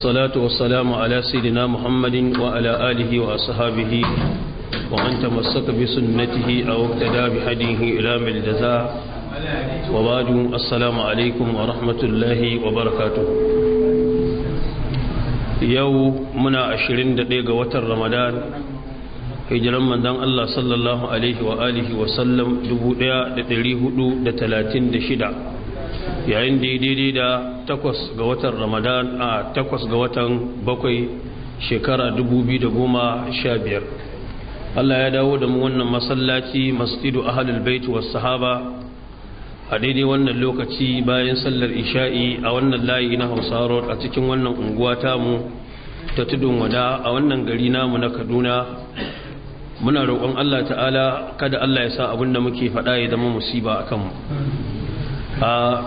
الصلاة والسلام على سيدنا محمد وعلى آله وأصحابه ومن تمسك بسنته أو اقتدى بهديه إلى الجزاء وبعد السلام عليكم ورحمة الله وبركاته يو منا عشرين دقيقة وتر رمضان hijiran manzon Allah sallallahu alaihi wa alihi wa sallam 1436 yayin daidai da takwas ga watan ramadan a takwas ga watan bakwai shekara da goma sha biyar. Allah ya dawo da mu wannan masallaci masjidu ahlul bait was sahaba a daidai wannan lokaci bayan sallar isha'i a wannan layi na Hausa road a cikin wannan unguwa tamu ta tudun wada a wannan gari namu na Kaduna muna roƙon Allah ta'ala kada Allah ya sa abin da muke faɗa ya zama musiba a kanmu.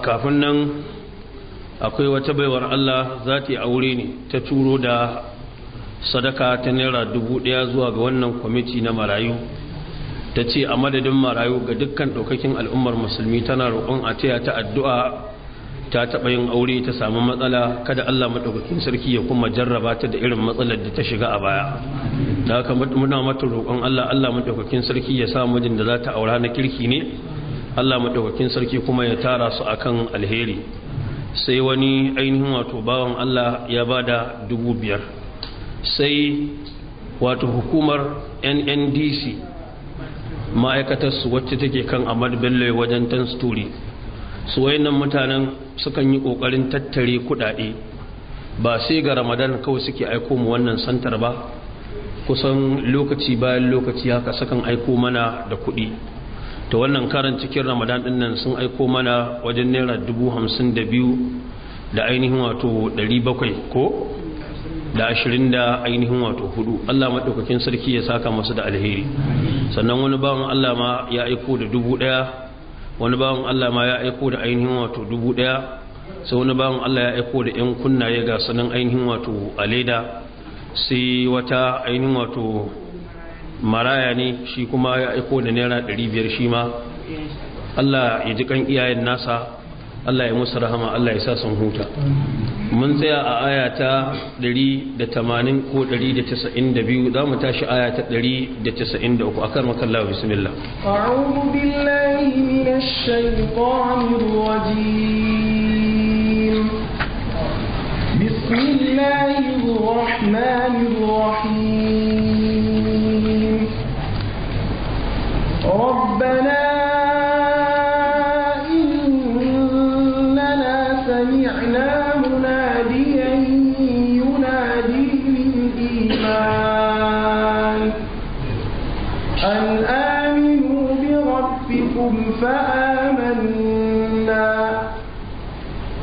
kafin nan akwai wata baiwar Allah za ta yi aure ne ta turo da sadaka ta naira dubu ɗaya zuwa ga wannan kwamiti na marayu ta ce a madadin marayu ga dukkan ɗaukakin al'ummar musulmi tana roƙon a taya ta addu'a ta taɓa yin aure ta samu matsala kada Allah maɗaukakin sarki ya kuma jarraba ta da irin matsalar da ta shiga a baya da haka muna mata roƙon Allah Allah maɗaukakin sarki ya sa mijin da za ta aura na kirki ne Allah madaukakin sarki kuma ya tara su akan alheri sai wani ainihin wato bawan Allah ya bada dubu biyar sai wato hukumar NNDC ma'aikatarsu wacce take kan Ahmad Bello wajen story, su wayannan mutanen sukan yi kokarin tattare kudade ba sai ga Ramadan kawai suke aiko mu wannan santar ba kusan lokaci bayan lokaci haka sukan aiko mana da kuɗi to wannan karin cikin ramadan din nan sun aiko mana wajen naira dubu hamsin da biyu da ainihin wato 700 bakwai ko da ashirin da ainihin wato hudu Allah maɗaukakin sarki ya saka masu da alheri sannan wani bawan Allah ma ya aiko da dubu wani bawan Allah ma ya aiko da ainihin wato dubu ɗaya sai wani bawan Allah ya aiko da 'yan kunnaye ga sanan ainihin wato a leda sai wata ainihin wato maraya ne shi kuma ya aiko da naira 500 shi ma Allah ya ji kan iyayen nasa Allah ya musu rahama Allah ya sa sun huta mun tsaya a aya ta 180 ko 192 za mu tashi aya ta 193 kan makalla bismillah a'udhu billahi minash shaitanir rajim bismillahir rahmanir rahim ربنا إننا سمعنا مناديا ينادي للإيمان أن آمنوا بربكم فآمنا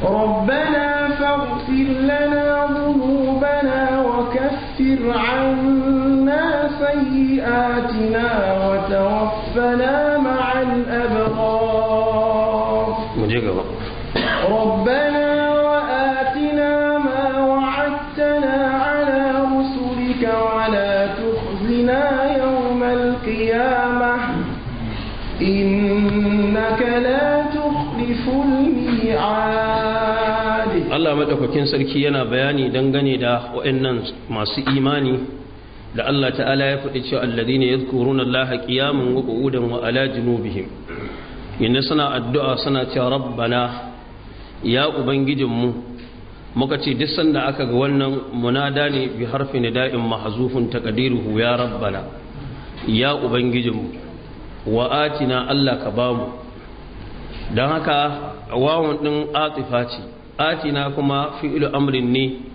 ربنا فاغفر لنا ذنوبنا وكفر عنا سيئاتنا ربنا مع الأبرار ربنا وآتنا ما وعدتنا على رسلك ولا تخزنا يوم القيامة إنك لا تخلف الميعاد الله مدوكاكين سركي yana bayani dangane da wa'annan masu imani da Allah ta'ala ya faɗi cewa alladhina yadhkuruna Allaha qiyaman wa qu'udan wa ala junubihim inna suna addu'a suna cewa rabbana ya ubangijinmu muka ce duk sanda aka ga wannan munada ne bi harfi nida'in ta taqdiruhu ya rabbana ya ubangijinmu wa atina Allah ka bamu dan haka wawan ɗin atifa ce atina kuma fi'ilu amrin ne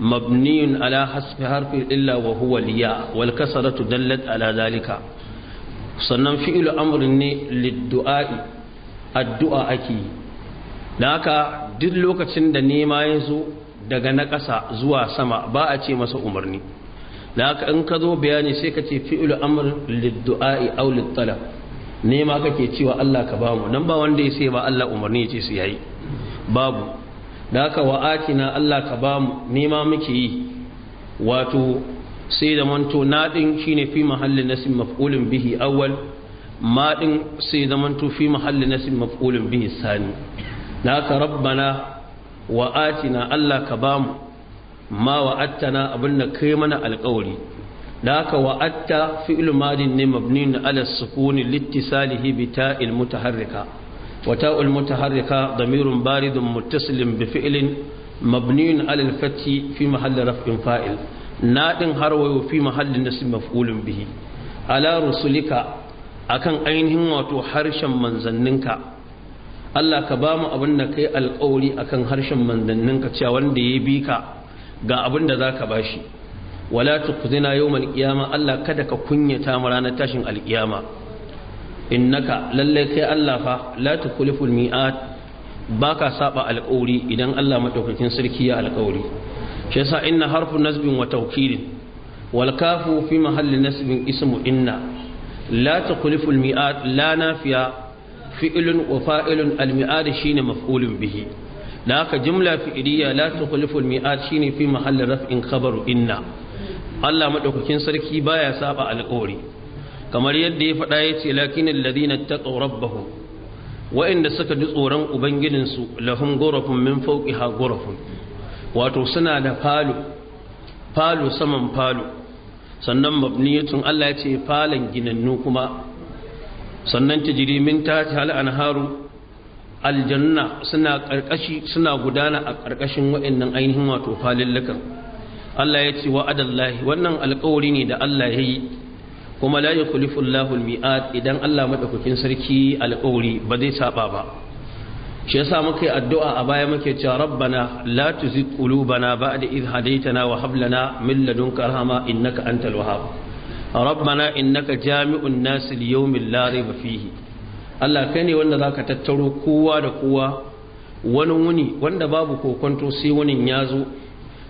مبني على حسب حرف إلا وهو الياء والكسرة دلت على ذلك sannan fi'ilu amrin ne liddu'a'i addu'a ake yi da haka duk lokacin da nema ya zo daga na ƙasa zuwa sama ba a ce masa umarni da haka in ka zo bayani sai ka ce fi'ilu amrin liddu'a'i au littalab nema kake cewa Allah ka bamu nan ba wanda ya sai ba Allah umarni ya ce su yayi babu da aka wa atina Allah ka ba mu nema muke yi wato sai da manto na shi ne fi mahallin nasin maf'ulun bihi awwal ma din sai da manto fi mahallin nasin maf'ulun bihi sani da aka rabbana wa atina Allah ka ba mu ma na abin da kai mana alƙawari da aka wa'atta fi madin ne mabnin ala sukuni littisalihi bi ta'il mutaharrika وتاء المتحركة ضمير بارد متصل بفعل مبني على الفتح في محل رفع فائل ناد هروي في محل نسب مفعول به على رسلك akan ainihin wato harshen manzanninka Allah ka ba mu abin da kai alƙawari akan harshen manzanninka cewa wanda ya bi ka ga abin da zaka shi wala tuqzina yawmal qiyama Allah kada ka kunyata mu ranar tashin alƙiyama innaka lallai kai Allah fa la tukuliful mi'at baka saba alƙawari idan Allah madaukakin sarki ya alƙawari shi yasa inna harfu nasbin wa tawkilin wal kafu fi mahalli nasbin ismu inna la tukuliful mi'at la nafiya fi'lun wa fa'ilun al shine maf'ulun bihi da haka jumla fi'iliya la tukuliful mi'at shine fi mahalli raf'in khabaru inna Allah madaukakin sarki baya saba alƙawari kamar yadda ya faɗa ya ce lakin ta taqaw rabbahum wa'inda suka ji tsoron ubangijinsu lahum gorafin min ha gorafin wato suna da falo falo saman falo sannan mabniyatun Allah ya ce falon ginannu kuma sannan ta jiri min ta hal anharu aljanna suna karkashi suna gudana a karkashin waɗannan ainihin wato falillukan Allah ya ce wa'adallahi wannan alƙawari ne da Allah ya yi kuma la yukhlifu Allahu miad idan Allah madaukakin sarki alƙawari ba zai saba ba shi yasa muka yi addu'a a baya muke cewa rabbana la tuzigh qulubana ba'da idh hadaytana wa hab lana min ladunka rahma innaka antal wahhab rabbana innaka jami'un nas liyawmin la rayba fihi Allah kai ne wanda zaka tattaro kowa da kowa wani wuni wanda babu kokonto sai wunin ya zo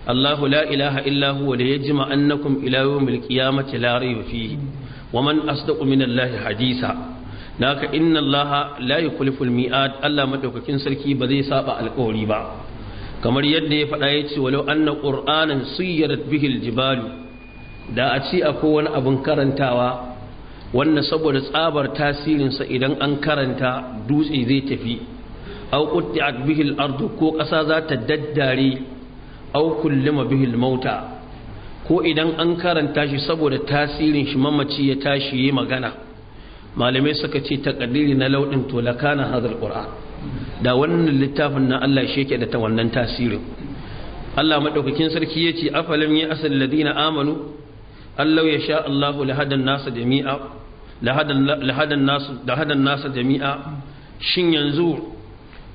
الله لا da ya هو ليجمعنكم إلى يوم القيامة لا ريب فيه wa man asdaqu min Allah hadisa naka inna Allah la yukhlifu al-mi'ad Allah madaukakin sarki ba zai saba alƙawari ba kamar yadda ya faɗa yace wa anna qur'anan sayyarat bihi al-jibal da a ci akwai wani abin karantawa wannan saboda tsabar tasirinsa idan an karanta dutse zai tafi aw qutti'at bihi al ko ƙasa za ta daddare aw kullima bihi al-mauta ko idan an karanta shi saboda tasirin shi mamaci ya tashi yi magana malamai suka ce takadiri na lauɗin to lakana hadal qur'an da wannan littafin na Allah shi yake da ta wannan tasirin Allah madaukakin sarki yace afalam ya asal ladina amanu ya sha Allahu lahadan nasa jami'a lahadan nasu lahadan nasa jami'a shin yanzu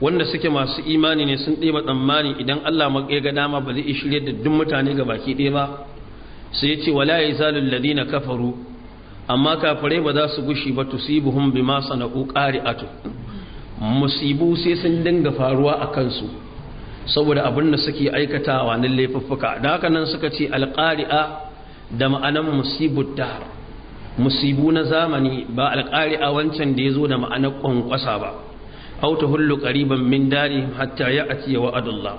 wanda suke masu imani ne sun ɗeba tsammani idan Allah ya ga dama ba zai shirye da duk mutane ga baki ɗaya ba sai ce wala yazalul ladina kafaru amma kafirai ba za su gushi ba tusibuhum bima sana'u qari'atu musibu sai sun dinga faruwa a kansu saboda abin da suke aikatawa nan laifuffuka da haka nan suka ce alqari'a da ma'anar musibud musibu na zamani ba alqari'a wancan da yazo da ma'anar kwankwasa ba aw tahullu qariban min dari hatta ya'ti wa'adullah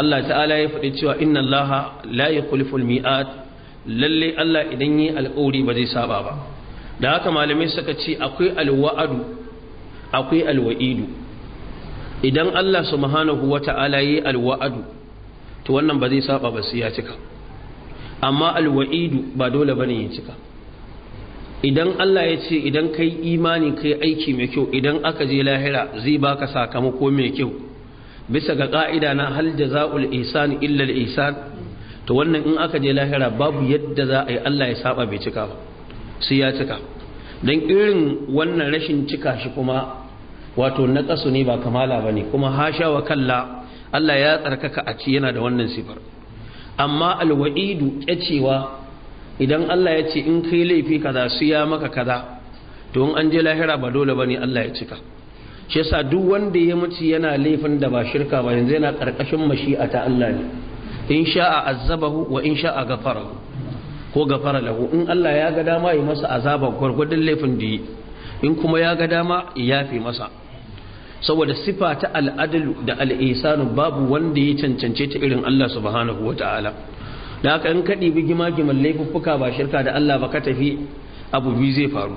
Allah ta'ala ya faɗi cewa inna Allah la yukhlifu lalle Allah idan yi alƙawari ba zai saba ba da haka malamai suka ce akwai alwa'adu akwai alwa'idu idan Allah subhanahu wata'ala yi alwa'adu to wannan ba zai saba ba sai ya cika amma alwa'idu ba dole bane ya cika idan Allah ya ce idan kai imani kai aiki mai kyau idan aka je lahira zai baka sakamako mai kyau bisa ga ƙa'ida na hal jaza'ul ihsan illa al to wannan in aka je lahira babu yadda za a yi Allah ya saba bai cika ba sai ya cika don irin wannan rashin cika shi kuma wato na ƙasu ne ba kamala ba ne kuma hasha wa kalla Allah ya tsarkaka a ci yana da wannan sifar amma alwa'idu cewa idan Allah ya ce in kai laifi kaza su ya maka kaza to in an je lahira ba dole ba ne Allah ya cika shi yasa duk wanda ya mutu yana laifin da ba shirka ba yanzu yana ƙarƙashin mashi'ata ta Allah ne in sha'a azabahu wa in sha'a gafara ko gafara lahu in Allah ya ga dama yi masa azaban gwargwadon laifin da yi in kuma ya ga dama ya masa saboda sifa ta al'adalu da al'isanu babu wanda ya cancance ta irin Allah subhanahu wa ta'ala da haka in kaɗi bi gima-giman laifuffuka ba shirka da Allah ba ka tafi abu biyu zai faru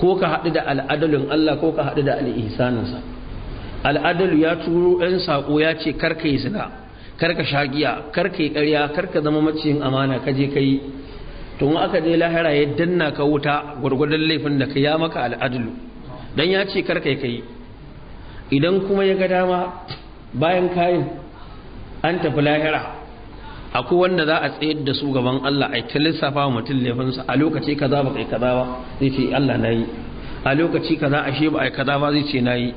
ko ka haɗu da al'adalun Allah ko ka haɗu da al'isaninsa al'adalu ya turo ‘yan saƙo ya ce karka yi zina karka shagiya karka yi karya karka zama maciyin amana ka je kai to aka je lahira ya danna ka wuta gwargwadon laifin da ka ya maka al'adulu dan ya ce karka yi kai idan kuma ya ga dama bayan kayan an tafi lahira akwai wanda za a tsayar da su gaban Allah a ta lissafa wa mutum laifinsa a lokaci kaza ba kai kaza ba zai ce Allah na yi a lokaci kaza shi ba a kaza ba zai ce na yi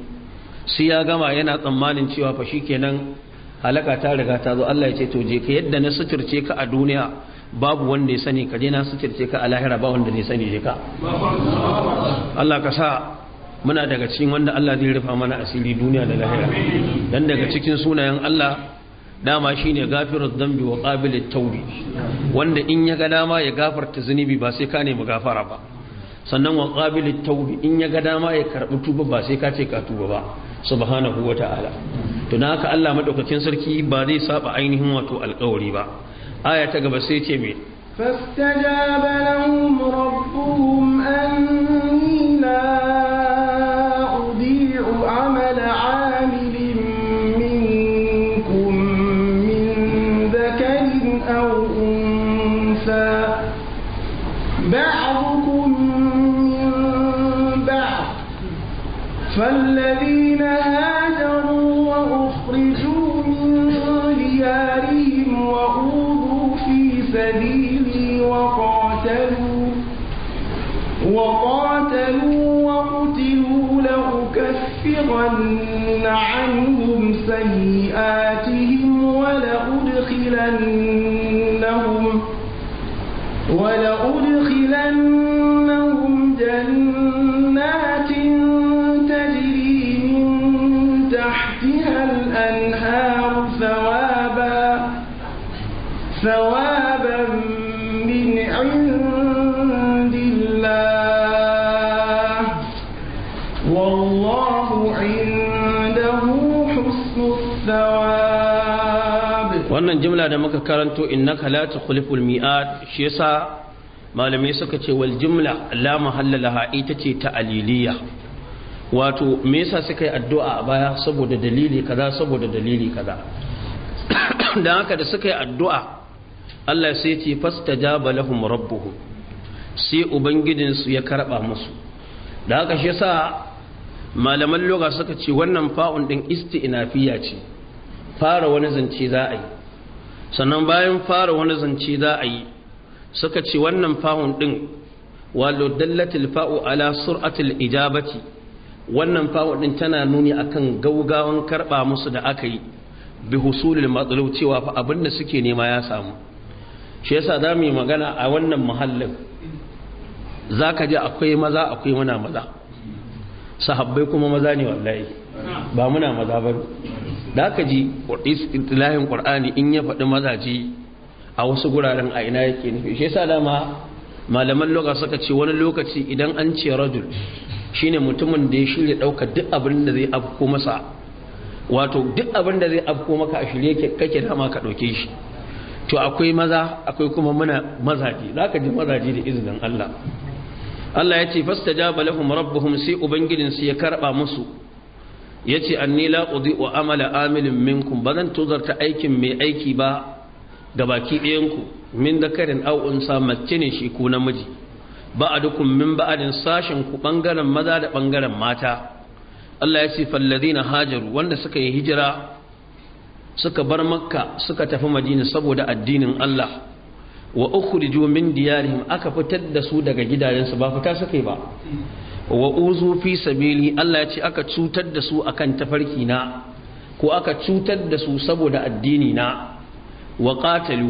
sai ya gama yana tsammanin cewa fa kenan halaka ta riga ta zo Allah ya ce to je ka yadda na suturce ka a duniya babu wanda ya sani ka je na suturce ka a lahira ba wanda ne sani je ka Allah ka sa muna daga cikin wanda Allah zai rufa mana asiri duniya da lahira dan daga cikin sunayen Allah dama shine gafiruz dambi wa qabilut tawbi wanda in ya ga dama ya gafarta zunubi ba sai ka mu gafara ba sannan wa ƙabili Tauhi in ya ga dama ya karɓi tuba ba sai ka ce ka tuba ba subhanahu ta'ala. to na haka Allah madaukakin sarki ba zai saba ainihin wato alƙawari ba aya ta gaba sai ce me fastajaba lahum rabbuhum an وقاتلوا وقتلوا لأكفرن عنهم سيئاتهم ولأدخلنهم ولأدخلنهم جنات تجري من تحتها الأنهار ثوابا ثوابا wannan jimla da muka karanto innaka la tukhliful mi'at shi yasa malamai suka ce wal jimla la mahallalaha ita ce ta aliliya wato me yasa suka yi addu'a a baya saboda dalili kaza saboda dalili kaza dan haka da suka yi addu'a Allah sai ce fastajaba lahum rabbuhum sai ubangijinsu ya karba musu da haka shi yasa malaman loga suka ce wannan fa'un din isti'nafiya ce fara wani zance za a yi sannan bayan fara wani zance za a yi suka ce wannan fahun din walau dallatil fa'u ala sur'atil ijabati wannan fahun din tana nuni akan gaugawan karba musu da aka yi bi husulil matsalau cewa fa abin da suke nema ya samu shi yasa za mu yi magana a wannan muhallin za ka ji akwai maza akwai muna maza sahabbai kuma maza ne wallahi ba muna maza ba da ka ji istilahin qur'ani in ya faɗi mazaje a wasu guraren a ina yake nufi shi yasa dama malaman lugha suka ce wani lokaci idan an ce rajul shine mutumin da ya shirya ɗauka duk abin da zai afko masa wato duk abin da zai afko maka a shirye kake dama ka ɗauke shi to akwai maza akwai kuma muna mazaji za ka ji mazaji da izinin Allah Allah ya ce fasta jaba lahum rabbuhum sai ubangijin ya karɓa musu ya ce nila ƙudi wa amala amilin minkum ba zan tozarta aikin mai aiki ba da baki ɗayanku min da karin au'unsa mace ne shi ku namiji ba a dukkan min ba'adin sashen ku ɓangaren maza da ɓangaren mata Allah ya ce na hajaru wanda suka yi hijira suka bar makka suka tafi madina saboda addinin Allah wa ukhriju min diyarihim aka fitar da su daga gidajensu ba fita suka yi ba wa uzu fi sabili Allah ya ce aka cutar da su akan tafarki na ko aka cutar da su saboda addini na wa qatalu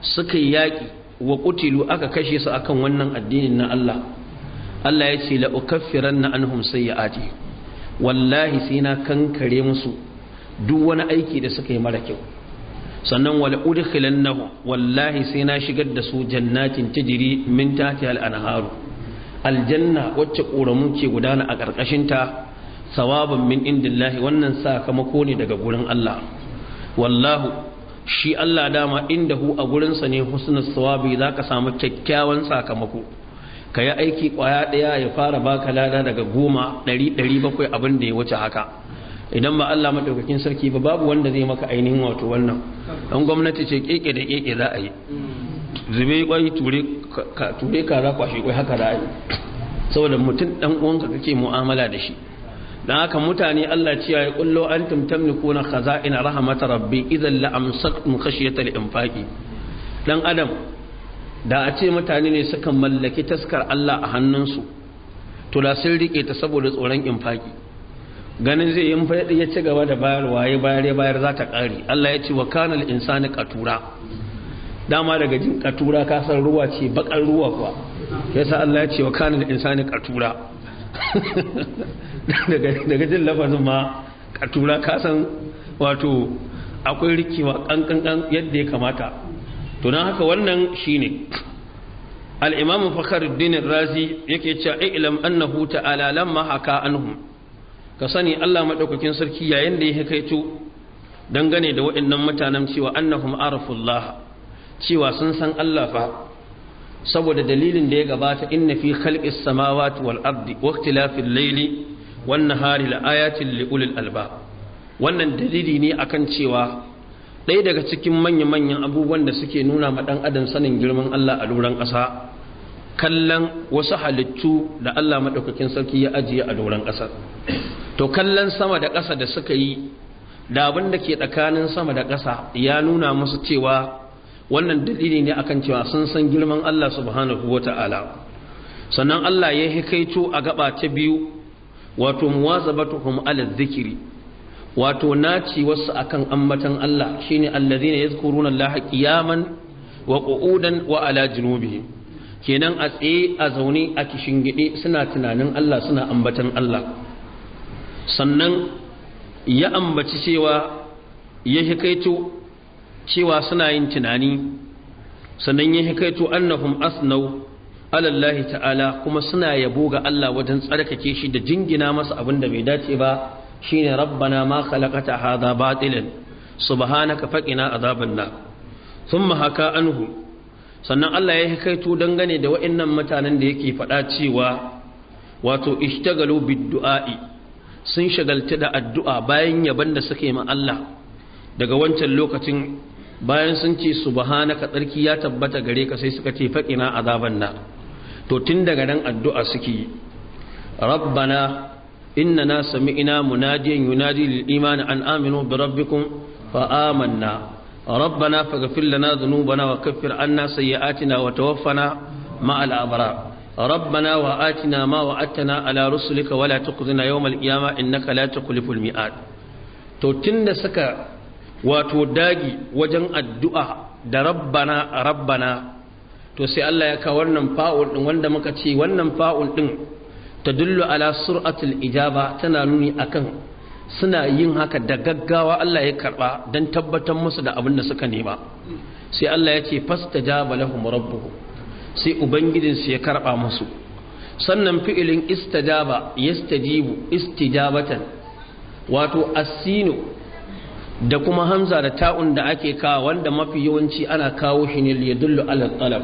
suka yaki wa qutilu aka kashe su akan wannan addinin na Allah Allah ya ce la ukaffiranna anhum sayyiati wallahi sai na kankare musu duk wani aiki da suka yi mara kyau sannan wal udkhilannahu wallahi sai na shigar da su jannatin tajri min tahtiha al-anharu aljanna wacce ƙoramu ke gudana a ƙarƙashinta sawaban min indillahi wannan sakamako ne daga gurin Allah wallahu shi Allah dama hu a gurinsa ne husnul sawabi za ka samu kyakkyawan sakamako ka yi aiki ƙwaya ɗaya ya fara baka lada daga goma ɗari ɗari bakwai abin da ya wuce haka idan ba Allah maɗaukakin sarki ba babu wanda zai maka ainihin wato wannan don gwamnati ce ƙeƙe da keke za a yi zube kwai ture kaza kwashe kwai haka da saboda mutum dan uwanka kake mu'amala da shi dan haka mutane Allah ce ya An kullu antum kaza ina rahamata rabbi idan la kashe khashyata in infaqi dan adam da a ce mutane ne suka mallaki taskar Allah a hannunsu to da sun riƙe ta saboda tsoron infaki ganin zai yin faɗi ya ci gaba da bayarwa ya bayar ya bayar za ta ƙari Allah ya ce wa kanal insani tura. dama daga jin katura ka san ruwa ce bakar ruwa kuwa sa Allah ya ce wa kanin insani katura daga jin lafazin ma katura ka san wato akwai rikewa kankan yadda ya kamata to haka wannan shine Al'imamin imam razi yake cewa ilam annahu ta'ala lamma haka anhum ka sani Allah madaukakin sarki yayin da ya kaito dangane da waɗannan mutanen cewa annahum arafullah cewa sun san Allah fa saboda dalilin da ya gabata inna fi khalqis samawati wal ardi wa ikhtilafil layli wan nahari la ayatin li ulil albab wannan dalili ne akan cewa ɗaya daga cikin manya-manyan abubuwan da suke nuna ma ɗan adam sanin girman Allah a doron ƙasa kallon wasu halittu da Allah maɗaukakin sarki ya ajiye a doron ƙasar to kallon sama da ƙasa da suka yi da abin da ke tsakanin sama da ƙasa ya nuna musu cewa wannan dalili ne akan cewa sun san girman Allah subhanahu ta'ala sannan Allah ya hikaito a gaba ta biyu wato muwazabatuhum ala zikiri wato naci wasu akan ambatan Allah shine alladhina yadhkuruna Allah qiyaman wa qu'udan wa ala junubihim kenan a tsaye a zaune a kishin kishingide suna tunanin Allah suna ambatan Allah sannan ya ambaci cewa ya hikaito cewa suna yin tunani sannan ya hikaito annahum asnau alallahi ta'ala kuma suna yabo ga Allah wajen tsarkake shi da jingina masa abin da bai dace ba shine rabbana ma khalaqata hadha batilan subhanaka faqina azaban nar thumma haka anhu sannan Allah ya hikaito dangane da wa'annan mutanen da yake faɗa cewa wato ishtagalu bidduai sun shagalta da addu'a bayan yaban da suke ma Allah daga wancan lokacin bayan sun ce subhanaka tsarki ya tabbata gare ka sai suka ce faqina azaban na to tun daga nan addu'a suke rabbana innana sami'na munadiyan yunadi lil iman an aminu bi rabbikum fa amanna rabbana faghfir lana dhunubana wa kaffir anna sayyi'atina wa tawaffana ma al abrar ربنا وآتنا ما وعدتنا على رسلك ولا تخزنا يوم القيامة إنك لا تخلف الميعاد تو تند سكا wato dagi wajen addu'a da rabbana rabbana to sai Allah ya kawo wannan fa'ul ɗin wanda muka ce wannan fa'ul ɗin ta dullu ala sur'atul ijaba tana nuni akan suna yin haka da gaggawa Allah ya karɓa don tabbatar musu da abin da suka nema sai Allah ya ce fasta jaba lahum rabbuhu sai ubangijinsu ya karɓa musu sannan fi'ilin istajaba yastajibu istijabatan wato asino. da kuma hamza da ta'un da ake kawo wanda mafi yawanci ana kawo shi ne ya dullu ala talab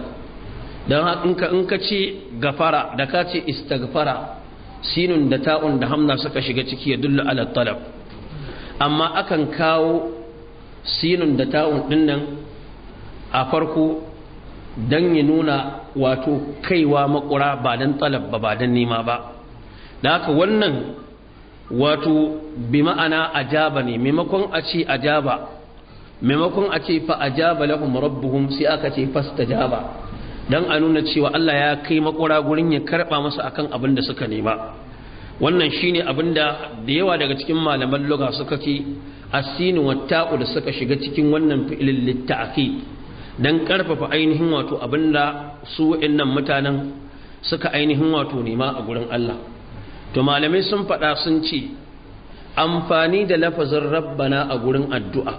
don haka in ka ce gafara da ka ce istaghfara sinun da ta'un da hamza suka shiga ciki ya dullu ala talab amma akan kawo sinun da ta'un din nan a farko don ya nuna wato kaiwa makura ba don talab ba ba don nema ba da haka wannan wato bi ma'ana ajaba ne maimakon a ce ajaba maimakon a ce fa ajaba lahum rabbuhum sai aka ce fastajaba dan a nuna cewa Allah ya kai makura gurin ya karba masa akan abin da suka nema wannan shine abin da da yawa daga cikin malaman lugha suka ce as wa ta'u da suka shiga cikin wannan fi'ilin litta'kid dan karfafa ainihin wato abin da su wa'annan mutanen suka ainihin wato nema a gurin Allah to malamai sun faɗa sun ce amfani da lafazin rabbana a gurin addu'a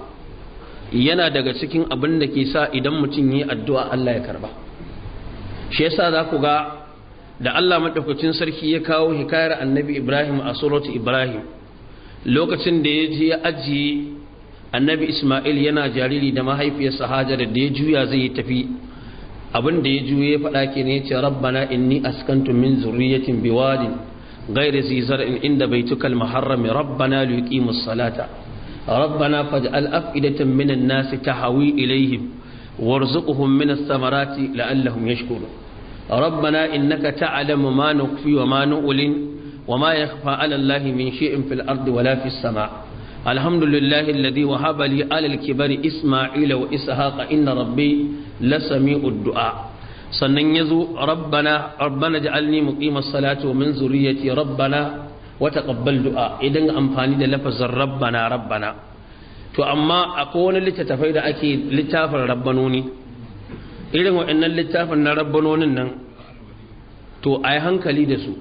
yana daga cikin abin da ke sa idan mutum yi addu'a Allah ya karba shi yasa za ku ga da Allah maɗaukacin sarki ya kawo hikayar annabi Ibrahim a suratu Ibrahim lokacin da ya je ya ajiye annabi Ismail yana jariri da mahaifiyarsa Hajar da ya juya zai yi tafi abin da ya juya ya faɗa ke ne ya ce rabbana inni askantu min zurriyatin biwadin غير ذي زرع عند بيتك المحرم ربنا ليقيموا الصلاة ربنا فاجعل أفئدة من الناس تهوي إليهم وارزقهم من الثمرات لعلهم يشكرون ربنا إنك تعلم ما نخفي وما نؤلن وما يخفى على الله من شيء في الأرض ولا في السماء الحمد لله الذي وهب لي على الكبر إسماعيل وإسحاق إن ربي لسميع الدعاء sannan ya zo rabbana ja'alni muqimas salati wa min zurriyyati rabbana wa taqabbal du'a idan amfani da lafazin rabbana rabbana to amma akwai wani littattafai da ake littafin rabbanoni irin wa'annan littafin na rabbanonin nan to a yi hankali da su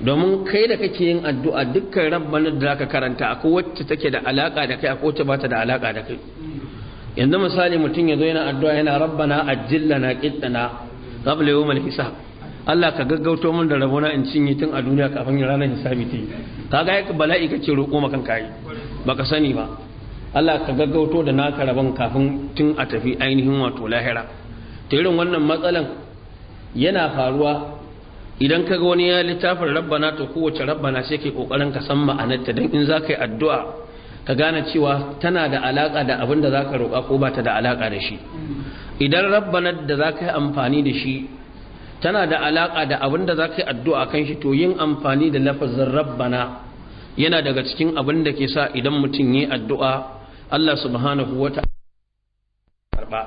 domin kai da kake yin addu'a dukkan rabbanin da zaka karanta akwai wacce take da alaka da kai akwai wacce ba ta da alaka da kai yanzu misali mutum ya zo yana addu'a yana rabbana ajillana qittana qabla yawm al-hisab Allah ka gaggauto min da rabona in cinye tun a duniya kafin ranar hisabi ta yi kaga ya bala'i ce roƙo makan Ba baka sani ba Allah ka gaggauto da naka rabon kafin tun a tafi ainihin wato lahira ta irin wannan matsalan yana faruwa idan ka ga wani ya littafin rabbana to kowace rabbana sai ke kokarin ka san ma'anarta dan in za ka yi addu'a ka gane cewa tana da alaka da abin da za ka roƙa ko ba ta da alaka da shi idan rabbanar da za ka yi amfani da shi tana da alaka da abin da za ka yi addu'a kan shi to yin amfani da lafazin rabbana yana daga cikin abin da ke sa idan mutum yi addu'a Allah subhanahu wata'ala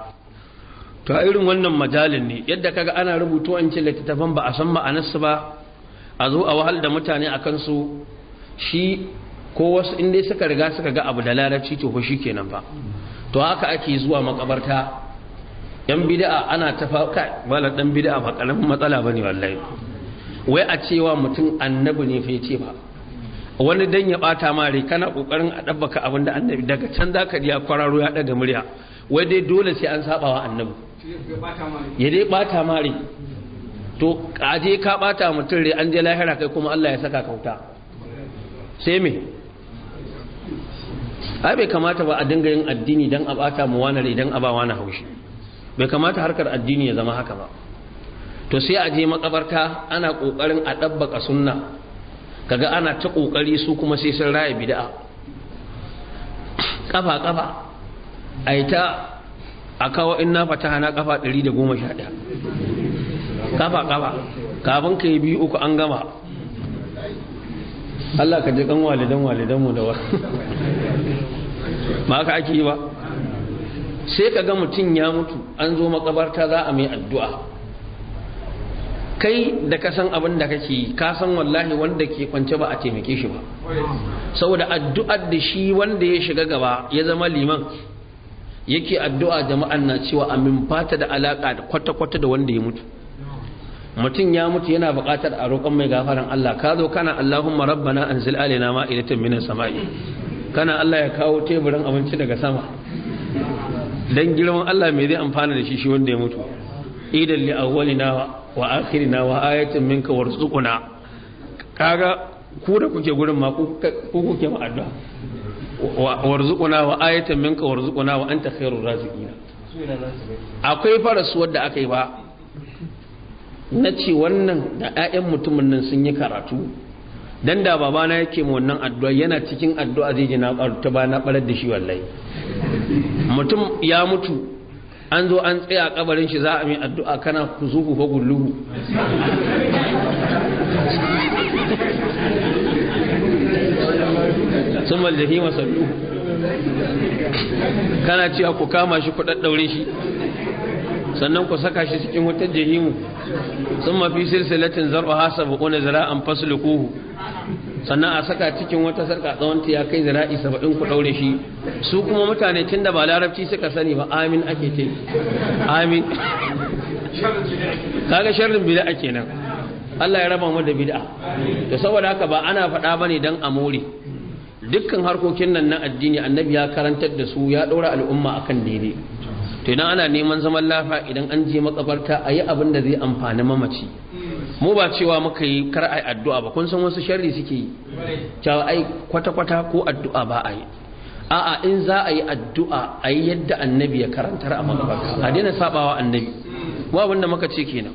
to a irin wannan majalin ne yadda kaga ana rubutu an ce littattafan ba a san ma'anarsu ba a zo a wahal da mutane a kansu shi ko wasu in dai suka riga suka ga abu da larabci to shi kenan ba to haka ake zuwa makabarta yan bid'a ana ta faka malar dan bid'a ba karamin matsala bane wallahi wai a cewa mutum annabi ne fa yace ba wani dan ya bata mare kana kokarin a dabbaka abin da annabi daga can zaka ya kwararo ya daga murya wai dai dole sai an sabawa wa annabi ya dai bata mare to kaje ka bata mutum rai an je lahira kai kuma Allah ya saka kauta sai me ai bai kamata ba a dinga yin addini dan a bata mu wani idan a ba wani haushi bai kamata harkar addini ya zama haka ba to sai a je makabarta ana kokarin a ɗabbaka sunna kaga ana ta kokari su kuma sai sun raya bid'a kafa kafa ai ta a kawo in na fataha na kafa 111 kafa kafa kafin ka biyu uku an gama Allah ka ji kan walidan walidan mu da wa Ba ake yi ba sai ka ga mutum ya mutu an zo makabarta za a mai addu'a kai da ka san abin da kake yi ka san wallahi wanda ke kwance ba a taimake shi ba saboda addu'ar da shi wanda ya shiga gaba ya zama liman yake addu'a jama'an na cewa amin fata da alaka kwata-kwata da wanda ya mutu mutum ya mutu yana buƙatar a roƙon mai gafaran Allah ka zo kana Allahumma rabbana anzil alaina ma'idatan minas sama'i kana Allah ya kawo teburin abinci daga sama dan girman Allah me zai amfana da shi shi wanda ya mutu idan li awwalina wa akhirina wa ayatan minka warzuquna kaga ku da kuke gurin ma ku kuke ma addu'a warzuquna wa ayatan minka warzuquna wa anta khairur raziqina akwai faras da aka yi ba na ce wannan da 'ya'yan mutumin nan sun yi karatu dan da babana yake mu wannan addu'a yana cikin addu'a zai ji na ta ba na barar da shi wallahi mutum ya mutu an zo an tsaya a kabarin shi za a mai addu'a kana ku fa gulluhu sun maljahi masallu kana cewa ku kama shi ku daddaure shi sannan ku saka shi cikin wutar jahimu sun mafi silsilatin zarba hasa an kuhu sannan a saka cikin wata sarka tsawon ta ya kai zira'i saba'in ku ɗaure shi su kuma mutane tun da ba larabci suka sani ba amin ake ce amin kaga sharrin bid'a kenan Allah ya raba mu da bid'a Da saboda haka ba ana faɗa ba bane dan more. dukkan harkokin nan na addini annabi ya karantar da su ya ɗora al'umma akan daidai to idan ana neman zaman lafa idan an je makabarta a yi abin da zai amfani mamaci mu ba cewa muka yi kar a yi addu'a ba kun san wasu sharri suke yi cewa ai kwata-kwata ko addu'a ba a yi a'a in za a yi addu'a a yi yadda annabi ya karantar a makabarta a daina sabawa annabi ba wanda muka ce kenan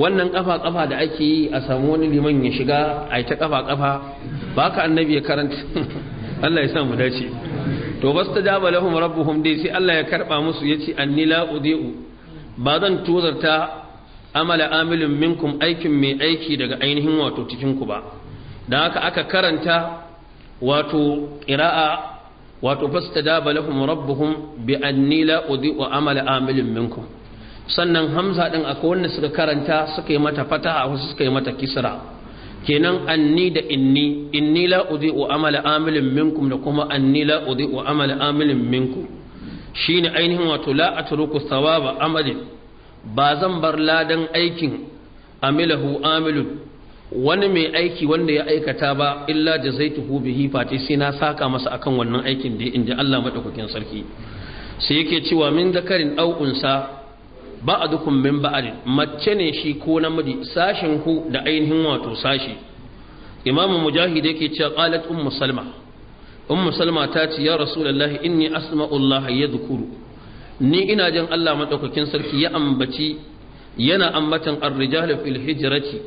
wannan kafa kafa da ake yi a samu wani liman ya shiga a yi ta kafa kafa ba ka annabi ya karanta Allah ya sa mu dace to bas ta jaba lahum rabbuhum dai sai Allah ya karba musu yace anni la udiu ba zan tozarta amala amilin minkum aikin mai aiki daga ainihin wato cikin ku ba Da haka aka karanta wato qira'a wato bas ta jaba lahum rabbuhum bi anni la udiu amala amilin minkum sannan hamza din akwai wanda suka karanta suka yi mata fataha wasu suka yi mata kisra kenan anni da inni inni la wa amala amilin minkum da kuma anni la wa amala amilin minkum shine ainihin wato la atruku thawaba amalin ba zan bar ladan aikin amilahu amilun wani mai aiki wanda ya aikata ba illa jazaituhu bihi fati sai na saka masa akan wannan aikin da inji Allah madaukakin sarki sai yake cewa min zakarin au unsa Ba dukun min ba'd mace ne shi ko namiji sashin ku da ainihin wato sashi imamu mujahid yake cewa qalat ummu salma ummu salma ta ce ya rasulullahi inni asma'u allah yadhkuru ni ina jin Allah madaukakin sarki ya ambaci yana ambatan ar-rijal fil hijrati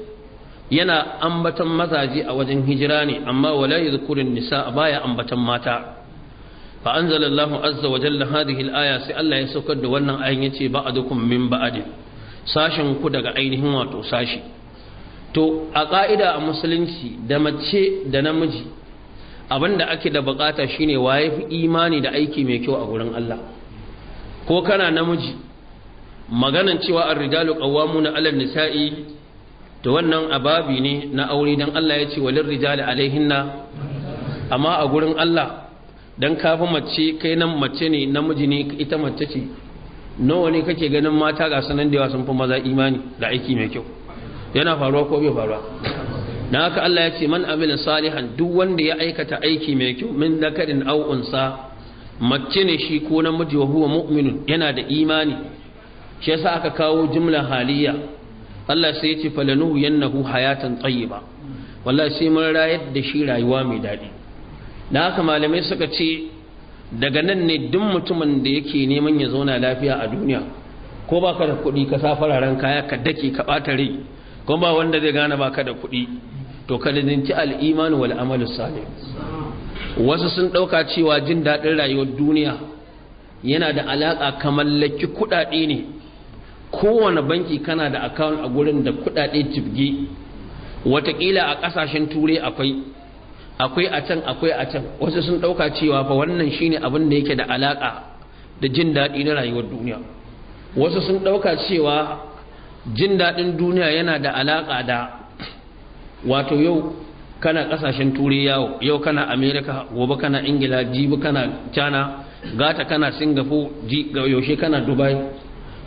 yana ambatan mazaje a wajen hijira ne amma wala yadhkurun nisa baya ambatan mata fa anzalallahu azza wa jalla hadhihi al-aya sai Allah ya saukar da wannan ayin yace ba'dukum min ba'din sashin ku daga ainihin wato sashi to a ka'ida a musulunci da mace da namiji abinda ake da bukata shine waye fi imani da aiki mai kyau a gurin Allah ko kana namiji maganan cewa ar-rijalu qawwamuna 'ala an-nisa'i to wannan ababi ne na aure dan Allah ya ce walin rijali alaihinna amma a gurin Allah Don kafin mace kai nan mace ne namiji ne ita mace ce nawa ne kake ganin mata ga sanan da sun fi maza imani da aiki mai kyau yana faruwa ko bai faruwa na haka Allah ya ce man amila salihan duk wanda ya aikata aiki mai kyau min dakarin aw au'unsa, mace ne shi ko namiji wa huwa mu'minun yana da imani shi yasa aka kawo jumla haliya Allah sai ya ce falanuhu yannahu hayatan tayyiba wallahi sai mun rayar da shi rayuwa mai daɗi da haka malamai suka ce daga nan ne duk mutumin da yake neman ya zauna lafiya a duniya ko ba ka da kuɗi ka sa fararen kaya ka dake ka ɓata rai kuma ba wanda zai gane ba ka da kuɗi to ka dinci al'imanu wal amalu salih wasu sun ɗauka cewa jin daɗin rayuwar duniya yana da alaƙa ka mallaki kuɗaɗe ne kowane banki kana da akawun a gurin da kuɗaɗe jibge Wataƙila a ƙasashen turai akwai akwai a can akwai a can wasu sun ɗauka cewa fa wannan shine abin da yake da alaƙa da jin daɗi na rayuwar duniya wasu sun ɗauka cewa jin daɗin duniya yana da alaƙa da wato yau kana ƙasashen turai yawo yau kana amerika gobe kana ingila jibi kana china gata kana singapore yaushe kana dubai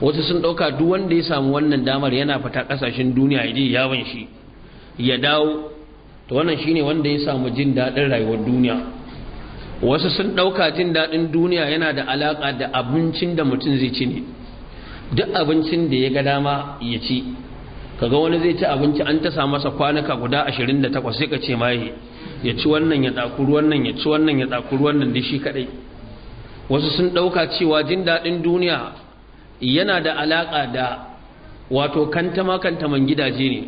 wasu sun ɗauka duk wanda ya samu wannan damar yana fita ƙasashen duniya ya je yawon shi ya dawo to wannan shine wanda ya samu jin daɗin rayuwar duniya wasu sun ɗauka jin daɗin duniya yana da alaƙa da abincin da mutum zai ci ne duk abincin da ya ga dama ya ci kaga wani zai ci abinci an ta samu masa kwanuka guda 28 sai ka ce mai ya ci wannan ya ruwan wannan ya ci wannan ya ruwan wannan da shi kaɗai wasu sun ɗauka cewa jin daɗin duniya yana da alaƙa da wato kanta ma kanta man gidaje ne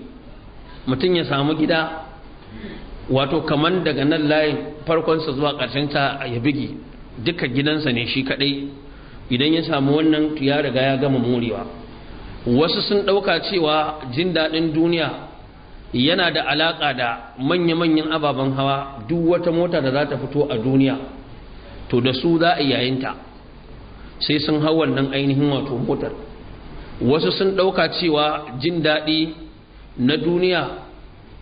mutum ya samu gida wato kaman daga nan layin farkonsa zuwa ta ya bigi duka gidansa ne shi kaɗai idan ya samu wannan ya riga ya gama morewa wasu sun ɗauka cewa jin daɗin duniya yana da alaƙa da manya-manyan ababen hawa duk wata mota da za ta fito a duniya to da su za a yayinta sai sun hau wannan ainihin wato motar wasu sun ɗauka cewa jin daɗi na duniya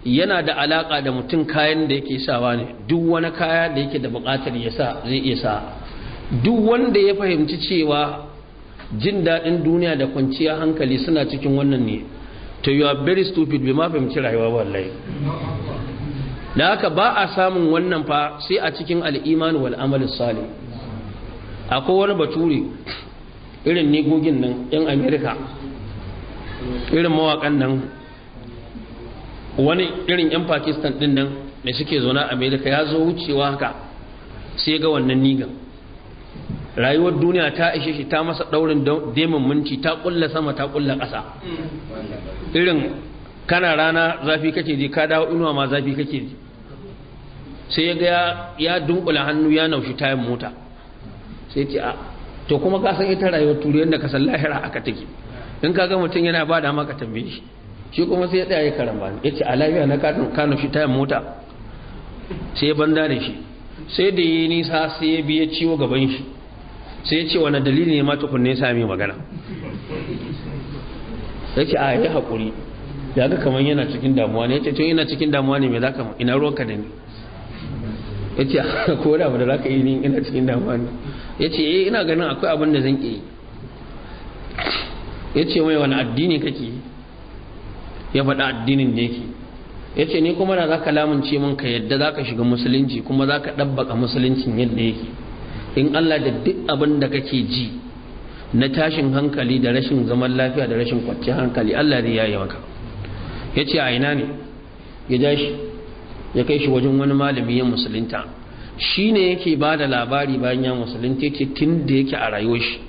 yana da alaƙa da mutum kayan da yake sawa ne duk wani kaya da yake da buƙatar ya sa zai iya sa duk wanda ya fahimci cewa jin daɗin duniya da kwanciya hankali suna cikin wannan ne to you are very stupid bai ma fahimci rayuwa wallahi da haka ba a samun wannan fa sai a cikin al'imani wal amalin sali akwai wani bature irin nigogin nan yan amerika irin mawakan nan wani irin yan pakistan din nan da suke zaune amerika ya zo wucewa haka sai ga wannan nigan rayuwar duniya ta ishe shi ta masa daurin demin minci ta kulla sama ta kulla ƙasa irin kana rana zafi kake ji ka dawo inuwa ma zafi kake ji sai ga ya dunkula hannu ya naushi tayan mota sai ce a to kuma ka san ita rayuwar turi yadda ka san lahira aka take in ka ga mutum yana ba da maka tambaye shi shi kuma sai ya tsaya ya karamba ya ce alafiya na katon kano shi tayan mota sai ya banda da shi sai da yi nisa sai ya biya ciwo gaban shi sai ya ce wani dalili ne mata kunne sami magana ya ce a yi haƙuri ya ga kamar yana cikin damuwa ne ya ce tun yana cikin damuwa ne mai za ka ina ruwanka da ni ya ce ko da ba da za ka yi ni ina cikin damuwa ne ya ce eh, ina ganin akwai abin da zan ƙi ya ce mai wani addini kake ya faɗa addinin da yake ya ce ni kuma da za ka lamunce min ka yadda za ka shiga musulunci kuma za ka ɗabbaka musuluncin yadda yake in allah da duk abin da kake ji na tashin hankali da rashin zaman lafiya da rashin kwanciyar hankali allah zai yaye maka ya ce a ina ne ya ja shi ya kai shi wajen wani malami ya musulunta shi ne yake ba da labari bayan ya musulunta yake tun da yake a rayuwar shi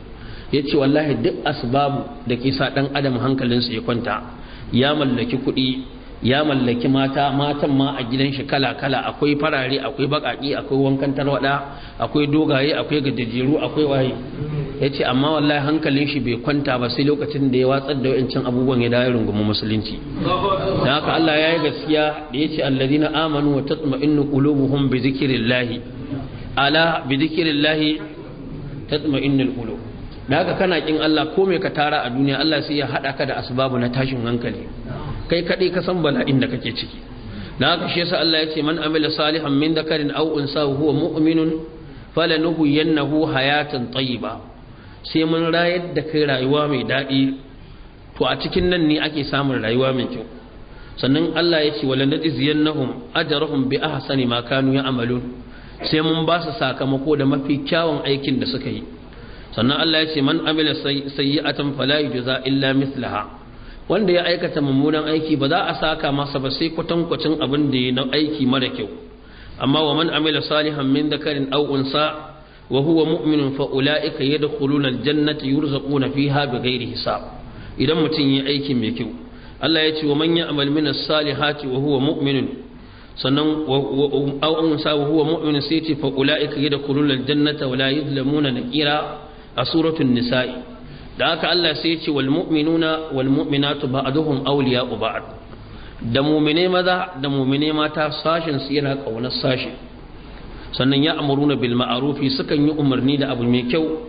ya ce wallahi duk asbabu da ke sa ɗan adam hankalinsa ya kwanta ya mallaki kuɗi ya mallaki mata matan ma a gidan shi kala kala akwai farare akwai bakaki akwai wankan tarwada akwai dogaye akwai gajejeru akwai waye yace amma wallahi hankalin shi bai kwanta ba sai lokacin da ya watsar da wayancin abubuwan ya dawo rungumin musulunci dan haka Allah ya yi gaskiya da yace alladina amanu wa tatma'innu qulubuhum bi zikrillah ala bi zikrillah tatma'innul qulub da haka kana kin Allah ko mai ka tara a duniya Allah sai ya hada ka da asbabu na tashin hankali kai kadai ka san bala'in da kake ciki Na haka shi yasa Allah ya ce man amila salihan min dakarin aw unsa huwa mu'minun falanuhyiyannahu hayatan tayyiba sai mun rayar da kai rayuwa mai daɗi to a cikin nan ne ake samun rayuwa mai kyau sannan Allah ya ce walan najziyannahum ajrahum bi ahsani ma kanu ya'malun sai mun ba su sakamako da mafi kyawun aikin da suka yi sannan Allah ya ce man amila sayyi'atan fala yujza illa mithlaha wanda ya aikata mummunan aiki ba za a saka masa ba sai kwatankwacin abin da ya na aiki mara kyau amma wa man amila salihan min dakarin aw unsa wa huwa mu'min fa ulaika yadkhuluna aljannata yurzaquna fiha bighairi hisab idan mutum ya aiki mai kyau Allah ya ce wa man ya'mal min as-salihati wa huwa mu'min sannan aw unsa wa huwa mu'min sai ce fa ulaika yadkhuluna aljannata wa la yuzlamuna naqira a suratul nisa'i da haka Allah sai ya ce wal mu'minuna wal mu'minatu ba'duhum awliya'u ba'd da mu'mine maza da mu'mine mata sashin su yana kaunar sashi sannan ya amuruna bil ma'rufi sukan yi umarni da abu mai kyau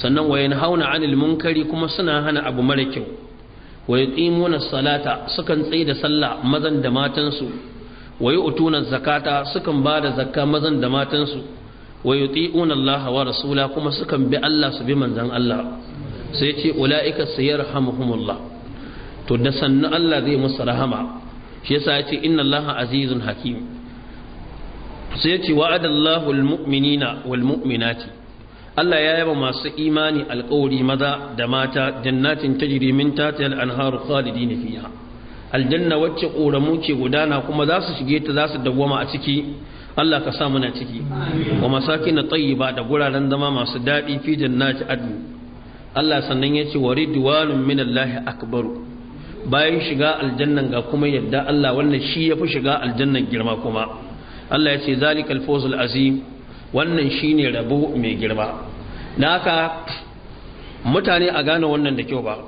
sannan wayan hauna anil munkari kuma suna hana abu mara kyau wayi qimuna salata sukan tsaye da sallah mazan da matansu wayi utuna zakata sukan ba da zakka mazan da matansu wa yuti'una Allah wa rasula kuma sukan bi Allah su bi manzon Allah sai ce ulaika sayarhamuhumullah to da sannu Allah zai musu rahama shi yasa ya ce inna Allah azizun hakim sai ce wa'adallahu almu'minina walmu'minati Allah ya yaba masu imani alƙawari maza da mata jannatin tajri min tatiyal anharu khalidina fiha aljanna wacce ƙoramu ke gudana kuma za su shige ta za su dawwama a ciki Allah ka sa muna ciki wa masaki tsayi ba da guraren zama masu daɗi fi jannati adu Allah sannan ya ce wari wa ridwanun minallahi akbaru bayan shiga aljannan ga kuma yadda Allah wannan shi ya fi shiga aljannan girma kuma Allah ya ce zalikal fawzul azim wannan shine rabo mai girma Na haka mutane a gane wannan da kyau ba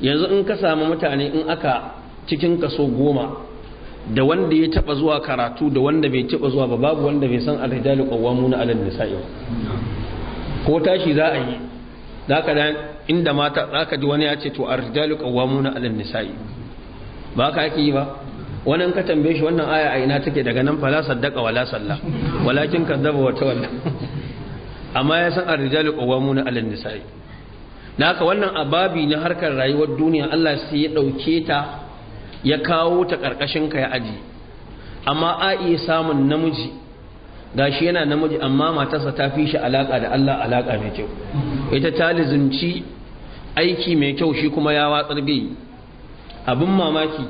yanzu in ka samu mutane in aka cikin kaso goma da wanda ya taba zuwa karatu da wanda bai taba zuwa ba babu wanda bai san al rijalu qawwamuna 'ala an-nisa'i ko tashi za a yi zaka da inda mata zaka ji wani ya ce to ar-rijalu qawwamuna 'ala an-nisa'i ba ka yake yi ba wannan ka tambaye shi wannan aya a ina take daga nan fala saddaqa wala salla walakin kadzaba wa tawalla amma ya san ar-rijalu qawwamuna 'ala an-nisa'i naka wannan ababi na harkar rayuwar duniya Allah sai ya dauke ta ya kawo ta ƙarƙashin ka ya aji amma a iya samun namiji Ga shi yana namiji amma matarsa ta fi shi alaƙa da Allah alaƙa mai kyau ita ta lizunci aiki mai kyau shi kuma ya watsar abin mamaki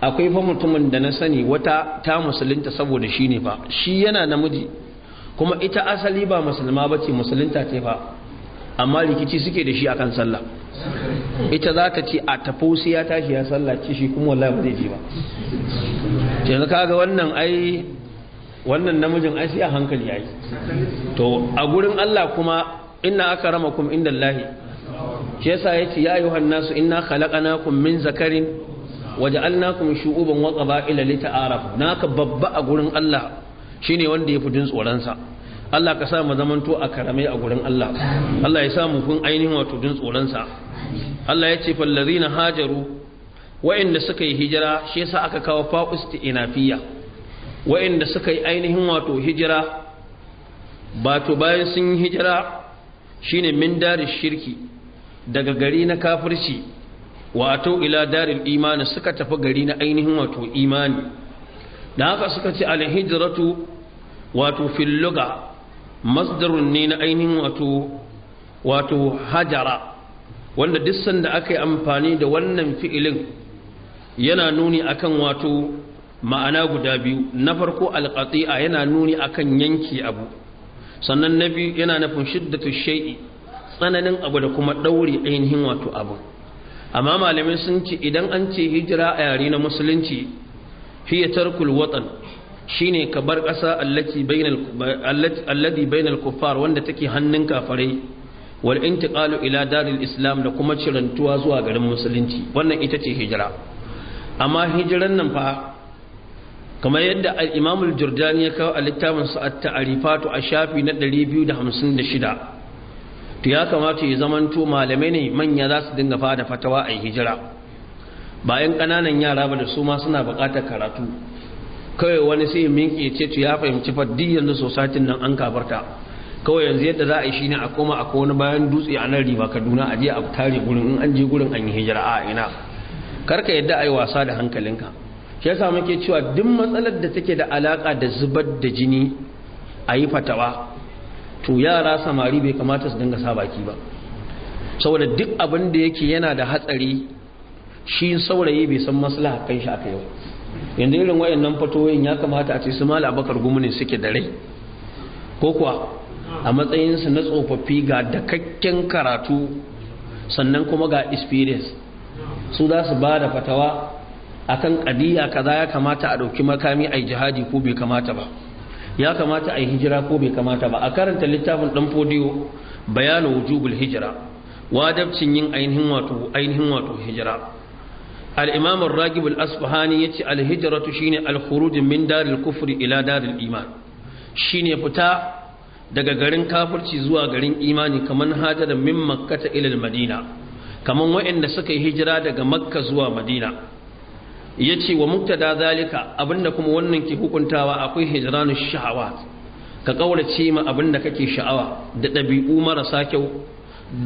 akwai fa mutumin da na sani wata ta musulunta saboda shi ne ba shi yana namiji kuma ita asali ba musulma ba ce musulunta ce ba amma rikici suke da shi a kan sallah ita za ta ce a tafo sai ya tashi ya sallah ce shi kuma wallahi ba zai ji ba yanzu kaga wannan ai wannan namijin ai sai a hankali yayi to a gurin Allah kuma rama akramakum indallahi shi yasa yace ya ayuhan nasu inna khalaqnakum min zakarin waje waja'alnakum shu'uban wa qaba'ila lita'arafu naka babba a gurin Allah shi ne wanda ya fi jin tsoron sa Allah ka sa mu zamanto a karamai a gurin Allah Allah ya sa mu kun ainihin wato jin tsoronsa Allah ya ce fallazina hajaru wa'inda suka yi hijira shi yasa aka kawo fausti inafiya wa'inda suka yi ainihin wato hijira ba to bayan sun yi hijira shine min darin shirki daga gari na kafirci wato ila darin imani suka tafi gari na ainihin wato imani da haka suka ce hijratu wato fil lugha masdarun ne na ainihin wato wato hajara wanda duk sanda aka yi amfani da wannan fi'ilin yana nuni akan wato ma'ana guda biyu na farko alƙati'a yana nuni akan yanki abu sannan na biyu yana nufin shiddatu shay'i tsananin abu da kuma ɗauri ainihin wato abu amma malamai sun ce idan an ce hijira a yare na musulunci hiya tarkul watan shine ka bar ƙasa allati bainal kuffar wanda take hannun kafarai wal intiqalu ila daril islam da kuma cirantuwa zuwa garin musulunci wannan ita ce hijira amma hijiran nan fa kamar yadda al-imam al-jurdani ya kawo a littafin sa at-ta'rifatu a shafi na 256 to ya kamata ya zamanto malamai ne manya za su dinga fada fatawa a hijira bayan ƙananan yara ba da su ma suna bukatar karatu kawai wani sai minke ce to ya fahimci faddi yanzu sosatin nan an kafarta kawai yanzu yadda za a yi shine a koma a kowane bayan dutse a nan riba kaduna a je a tare gurin in an je gurin an yi hijira a ina karka yadda a yi wasa da hankalinka shi yasa muke cewa duk matsalar da take da alaka da zubar da jini a yi fatawa to yara samari bai kamata su dinga sabaki ba saboda duk abin da yake yana da hatsari shi saurayi bai san maslaha kan shi aka yau yanzu irin wayannan fatoyin ya kamata a ce su mala bakar gumunin suke da rai ko kuwa a matsayinsu na tsofaffi ga dakakken karatu sannan kuma ga experience su za su ba da fatawa akan kadiya kaza ya kamata a ɗauki makami a jihadi ko bai kamata ba ya kamata a yi hijira ko bai kamata ba a karanta littafin ɗan fodiyo bayanin wujubul hijira wadabcin yin ainihin wato ainihin wato hijira al الراجب ar يتي الهجرة شيني yace al دار shine إلى دار min شيني فتاة ila daril iman shine fita daga garin kafirci zuwa garin imani kaman hajar min makka ta ilal madina kaman wayanda suka yi hijira daga makka zuwa madina yace wa muktada zalika abinda kuma wannan ke hukuntawa akwai hijranu shahawat ka kaurace ma abinda kake sha'awa da ɗabi'u marasa kyau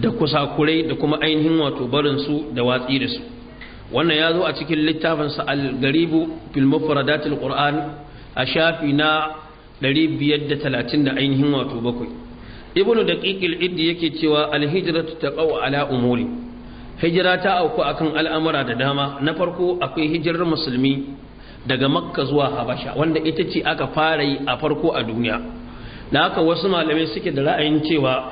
da kusakurai da kuma ainihin wato barin su da watsi da su wannan ya zo a cikin littafinsa al-garibu fil mufradatil a shafi na 530 da ainihin wato bakwai ibnu daqiqil iddi yake cewa al-hijratu taqaw ala umuri hijira ta auku akan al'amura da dama na farko akwai hijirar musulmi daga makka zuwa habasha wanda ita ce aka fara yi a farko a duniya da haka wasu malamai suke da ra'ayin cewa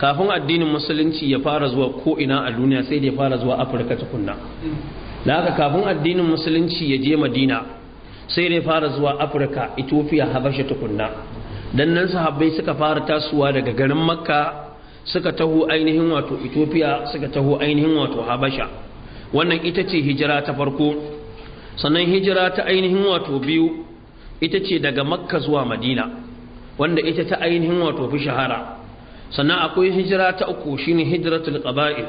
kafin addinin musulunci ya fara zuwa ko'ina ina a duniya sai da ya fara zuwa afirka tukunna da haka kafin addinin musulunci ya je madina sai da ya fara zuwa afirka Itofiya, habasha tukunna Don nan sahabbai suka fara tasowa daga garin makka suka taho ainihin wato Itofiya suka taho ainihin wato habasha wannan ita ce hijira ta farko sannan hijira ta ainihin wato biyu ita ce daga makka zuwa madina wanda ita ta ainihin wato fi shahara sannan akwai hijira ta uku shine hijratul qaba'il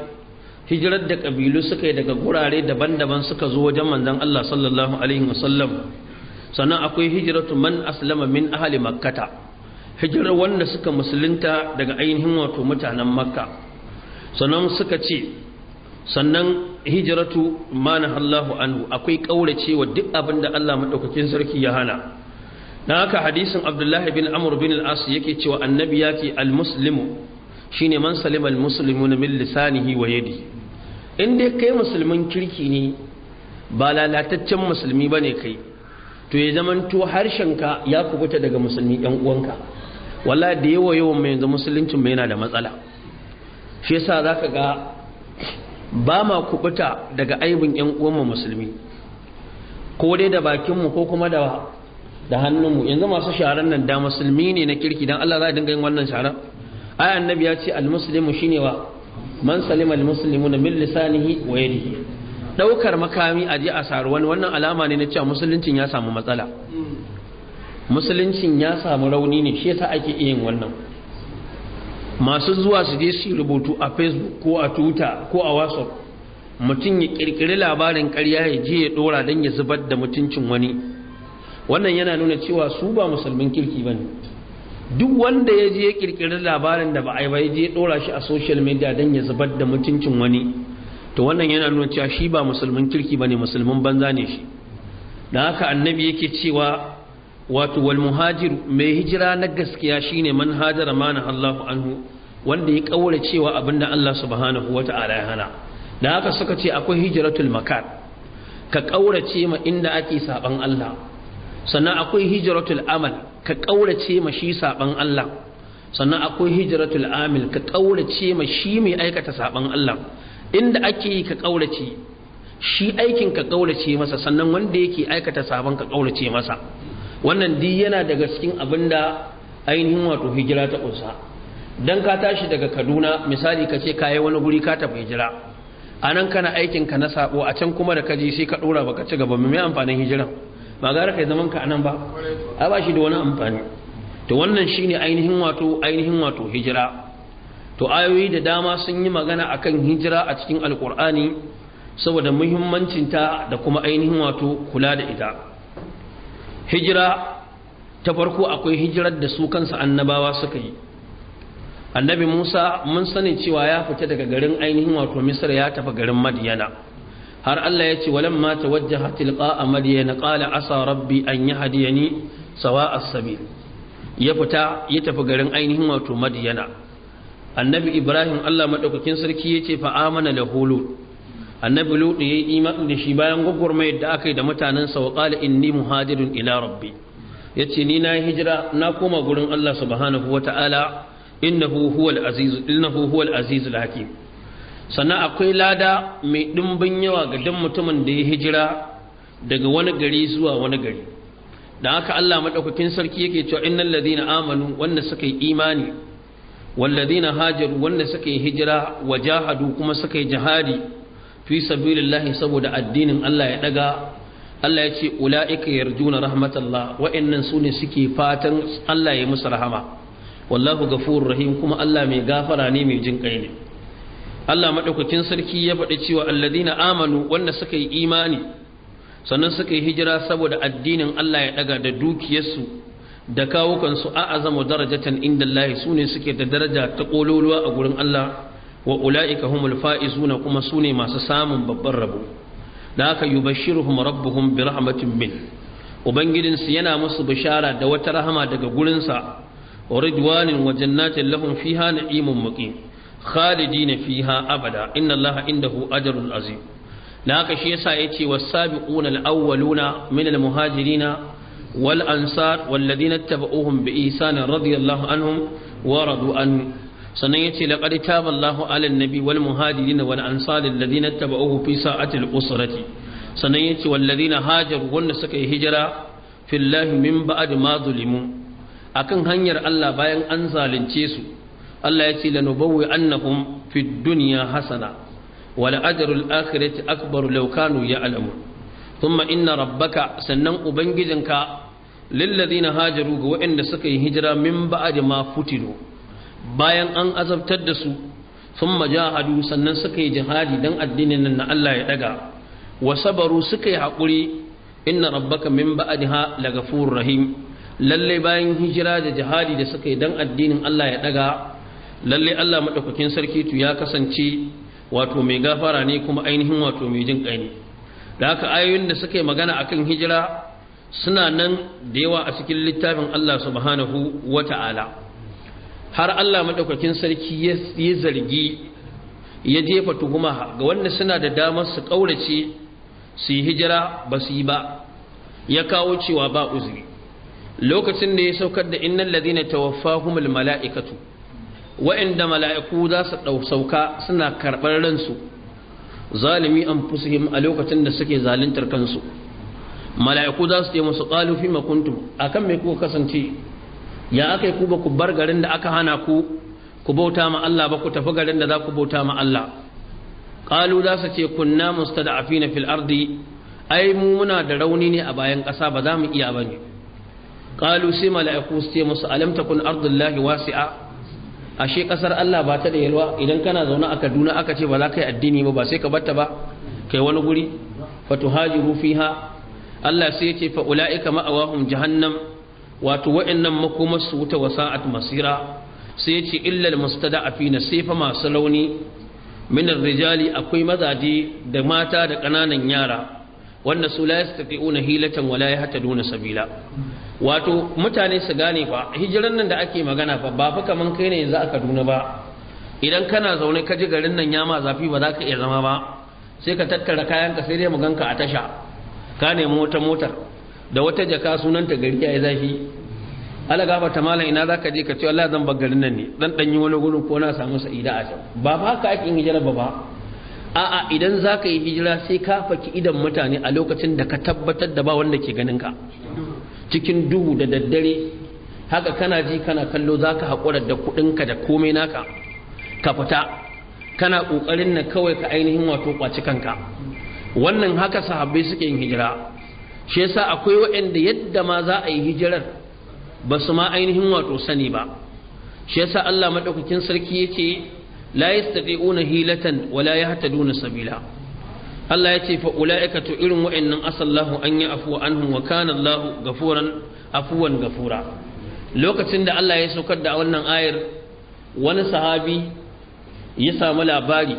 hijirar da kabilu suka yi daga gurare daban-daban suka zo wajen manzon Allah sallallahu alaihi wasallam sannan akwai hijratu man aslama min ahli makkata hijirar wanda suka musulunta daga ainihin wato mutanen makka sannan suka ce sannan hijiratu mana Allahu anhu akwai kaurace wa duk abin da Allah madaukakin sarki ya hana na haka hadisin abdullahi bin amur bin al'as yake cewa annabi ya ce al-muslimu shi ne man salima al-muslimu na min lisanihi wa yadi in dai kai musulmin kirki ne ba lalataccen musulmi ba ne kai to ya zaman to ka ya kubuta daga musulmi ɗan uwanka walla da yawa yawan mai yanzu musuluncin mai yana da matsala shi yasa za ga ba ma kubuta daga aibin yan musulmi ko dai da bakinmu ko kuma da da hannunmu yanzu masu sharan nan da musulmi ne na kirki dan Allah za a dinga yin wannan shara ai annabi ya ce al-musulmin almuslimu shine wa man salima na min lisanihi wa yadihi daukar makami a je a saru wani wannan alama ne na cewa musuluncin ya samu matsala musuluncin ya samu rauni ne shi yasa ake yin wannan masu zuwa su je su rubutu a facebook ko a twitter ko a whatsapp mutum ya kirkiri labarin ƙarya ya je ya dora don ya zubar da mutuncin wani wannan yana nuna cewa su ba musulmin kirki ba ne duk wanda ya je ya labarin da ba a yi ba ya je dora shi a social media don ya zubar da mutuncin wani to wannan yana nuna cewa shi ba musulmin kirki ba ne musulmin banza ne shi da haka annabi yake cewa wato wal muhajir mai hijira na gaskiya shine man hajara mana Allahu anhu wanda ya kaura cewa abinda Allah subhanahu wata'ala ya hana da haka suka ce akwai hijratul makar ka ce ma inda ake saban Allah sannan akwai hijratul amal ka kaurace ma shi saban Allah sannan akwai hijratul amil ka kaurace ma shi mai aikata saban Allah inda ake yi ka kaurace shi aikin ka kaurace masa sannan wanda yake aikata saban ka kaurace masa wannan duk yana daga cikin abinda ainihin wato hijira ta kunsa dan ka tashi daga Kaduna misali ka ce ka yi wani guri ka tafi hijira anan kana aikin ka na saɓo a can kuma da kaji sai ka dora baka ci gaba mai amfanin hijiran ba gara kai zaman ka anan ba a ba shi da wani amfani to wannan shine ainihin wato ainihin wato hijira to ayoyi da dama sun yi magana akan hijira a cikin alkur'ani saboda muhimmancinta da kuma ainihin wato kula da ita hijira ta farko akwai hijirar da su kansa annabawa suka yi annabi musa mun sani cewa ya fita daga garin ainihin wato misir ya tafi garin madiyana har Allah ya ce walamma tawajjaha tilqa madyana qala asa rabbi an yahdiyani sawa as-sabil ya fita ya tafi garin ainihin wato madyana annabi ibrahim Allah madaukakin sarki yace fa amana lahu lut annabi lut yayi imani da shi bayan gogurmayar da aka yi da mutanen sa wa qala inni muhajirun ila rabbi yace ni na hijira na koma gurin Allah subhanahu wataala innahu huwal aziz innahu huwal azizul hakim sannan akwai lada mai ɗimbin yawa ga dan mutumin da ya hijira daga wani gari zuwa wani gari da haka Allah maɗaukakin sarki yake cewa innal ladina amanu wanda suka yi imani walladina hajaru wanda suka yi hijira wa jahadu kuma suka yi jihadi fi sabilillahi saboda addinin Allah ya daga Allah ya ce ula'ika yarjuna rahmatallah wa'annan su ne suke fatan Allah ya musu rahama wallahu ghafurur rahim kuma Allah mai gafara ne mai jin ƙai ne Allah maɗaukakin sarki ya faɗi cewa alladina amanu wanda suka yi imani sannan suka yi hijira saboda addinin Allah ya ɗaga da dukiyarsu da kawukansu a azamu darajatan inda Allah su ne suke da daraja ta ƙololuwa a gurin Allah wa ula'ika humul fa'izuna kuma su ne masu samun babban rabo da aka yubashshiruhum rabbuhum bi rahmatin min ubangijinsu yana musu bishara da wata rahama daga gurinsa wa ridwanin wa jannatin lahum fiha na'imun muqim Khalidi fiha abada inna allaha indahu ajrun azim dan sa shi yasa yace was-sabiquna al-awwaluna min al-muhajirina wal ansar wal ladina ittaba'uhum bi ihsan radiyallahu anhum wa radu an sannan yace laqad taba Allahu 'ala an-nabi wal muhajirin wal ansar alladhina ittaba'uhu fi sa'ati al-usrati sannan yace wal ladina hajaru wanda suka yi hijira fillahi min ma akan hanyar Allah bayan an zalunce su Allah ya ce lanubawwi annahum fid dunya hasana wal ajrul akhirati akbaru law kanu ya'lamun thumma inna rabbaka sannan ubangijinka lilladhina hajaru ga waɗanda suka yi hijira min ba'd ma futilu bayan an azabtar da su thumma jahadu sannan suka yi jihadi dan addinin nan na Allah ya daga wa sabaru suka yi hakuri inna rabbaka min ba'daha lagafurur rahim lalle bayan hijira da jihadi da suka yi dan addinin Allah ya daga lalle Allah Maɗaukakin sarki tu ya kasance wato mai gafara ne kuma ainihin wato mai jin kai da haka ayoyin da suka yi magana akan hijira suna nan da yawa a cikin littafin Allah subhanahu wata'ala har Allah Maɗaukakin sarki ya zargi ya jefa tuhuma ga wanda suna da damar su ƙaurace su yi hijira ba su yi ba ya kawo cewa ba uzuri lokacin da ya saukar da innal ladina tawaffahumul mala'ikatu wa'inda mala'iku za su ɗau sauka suna karɓar ransu zalimi an fusihim a lokacin da suke zaluntar kansu mala'iku za su ce musu ƙalufi makuntum a kan mai kuka kasance ya aka yi ku ba ku bar garin da aka hana ku ku bauta ma Allah ba ku tafi garin da za ku bauta ma Allah ƙalu za su ce kunna na fil ardi ai mu muna da rauni ne a bayan ƙasa ba za mu iya ba ne ƙalu sai mala'iku su ce musu alam takun ardullahi wasi'a ashe kasar Allah ba ta da yalwa idan kana zaune a Kaduna aka ce ba za ka yi addini ba ba sai ka batta ba kai wani guri tuhajiru fiha Allah sai yace fa ulaika ma'awahum jahannam wato wa'annan makomar su wuta wasa'at masira sai yace illal mustada'afina sai fa masu launi min rijali akwai mazaje da mata da kananan yara wanda su la yastati'una hilatan wala yahtaduna sabila wato mutane su gane fa hijiran nan da ake magana fa ba fa kaman kai ne yanzu a Kaduna ba idan kana zaune ka ji garin nan yama zafi ba za ka iya zama ba sai ka tattara kayan ka sai dai mu ganka a tasha ka nemi wata motar da wata jaka sunanta gari ya zafi ala gaba ta malam ina zaka je ka ce Allah zan bar garin nan ne dan danyi wani gurin ko na samu sa'ida a can ba ba ka ake yin hijira ba ba a'a idan za ka yi hijira sai ka faki idan mutane a lokacin da ka tabbatar da ba wanda ke ganin ka cikin duhu da daddare haka kana ji kana kallo za ka haƙura da kuɗinka da komai naka ka fita kana ƙoƙarin na kawai ka ainihin wato ƙwaci kanka wannan haka sahabbai suke yin hijira shi yasa akwai waɗanda yadda ma za a yi hijirar ba su ma ainihin wato sani ba shi yasa Allah madaukakin sarki yake la yastati'una hilatan wa hata, yahtaduna sabila Allah ya ce fa ula'ika to irin wa'annan asallahu an yi afuwa anhum gafuran afuwan gafura lokacin da Allah ya saukar da wannan ayar wani sahabi ya samu labari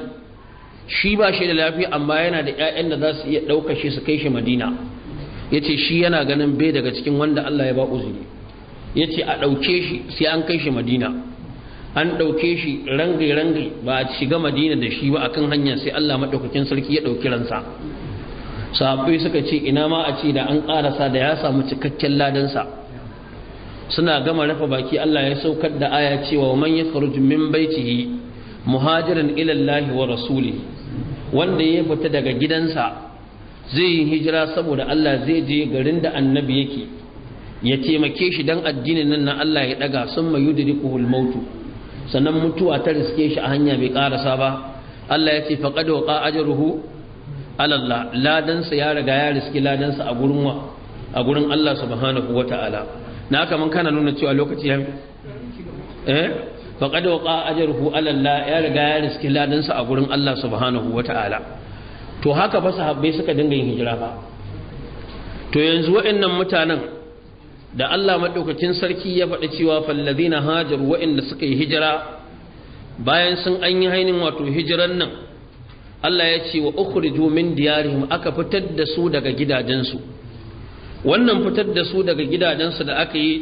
shi ba shi da lafiya amma yana da ƴaƴan da za su iya ɗauka shi su kai shi Madina ya ce shi yana ganin bai daga cikin wanda Allah ya ba uzuri ya ce a ɗauke shi sai an kai shi Madina an ɗauke shi rangai-rangai ba a shiga madina da shi ba akan hanya sai Allah maɗaukakin sarki ya ɗauki ransa sahabbai suka ce ina ma a ce da an ƙarasa da ya samu cikakken ladansa suna gama rafa baki Allah ya saukar da aya cewa man ya min baitihi muhajiran ilallahi wa rasuli wanda ya fita daga gidansa zai yi hijira saboda Allah zai je garin da annabi yake ya taimake shi dan addinin nan na Allah ya daga sun mayudrikuhul mautu sannan mutuwa ta riske shi a hanya bai karasa ba Allah ya ce faqad wa ajruhu ala Allah ladansa ya riga ya riski ladansa a gurin wa a gurin Allah subhanahu wataala na haka mun kana nuna cewa lokaci ya eh faqad wa ajruhu ala Allah ya riga ya riski ladansa a gurin Allah subhanahu wataala to haka ba sahabbai suka dinga yin hijira ba. to yanzu waɗannan mutanen da Allah maɗaukakin sarki ya faɗi cewa fallazina hajar wa'inda suka yi hijira bayan sun an yi hainin wato hijiran nan Allah ya ce wa ukhriju min diyarihim aka fitar da su daga gidajensu wannan fitar da su daga gidajensu da aka yi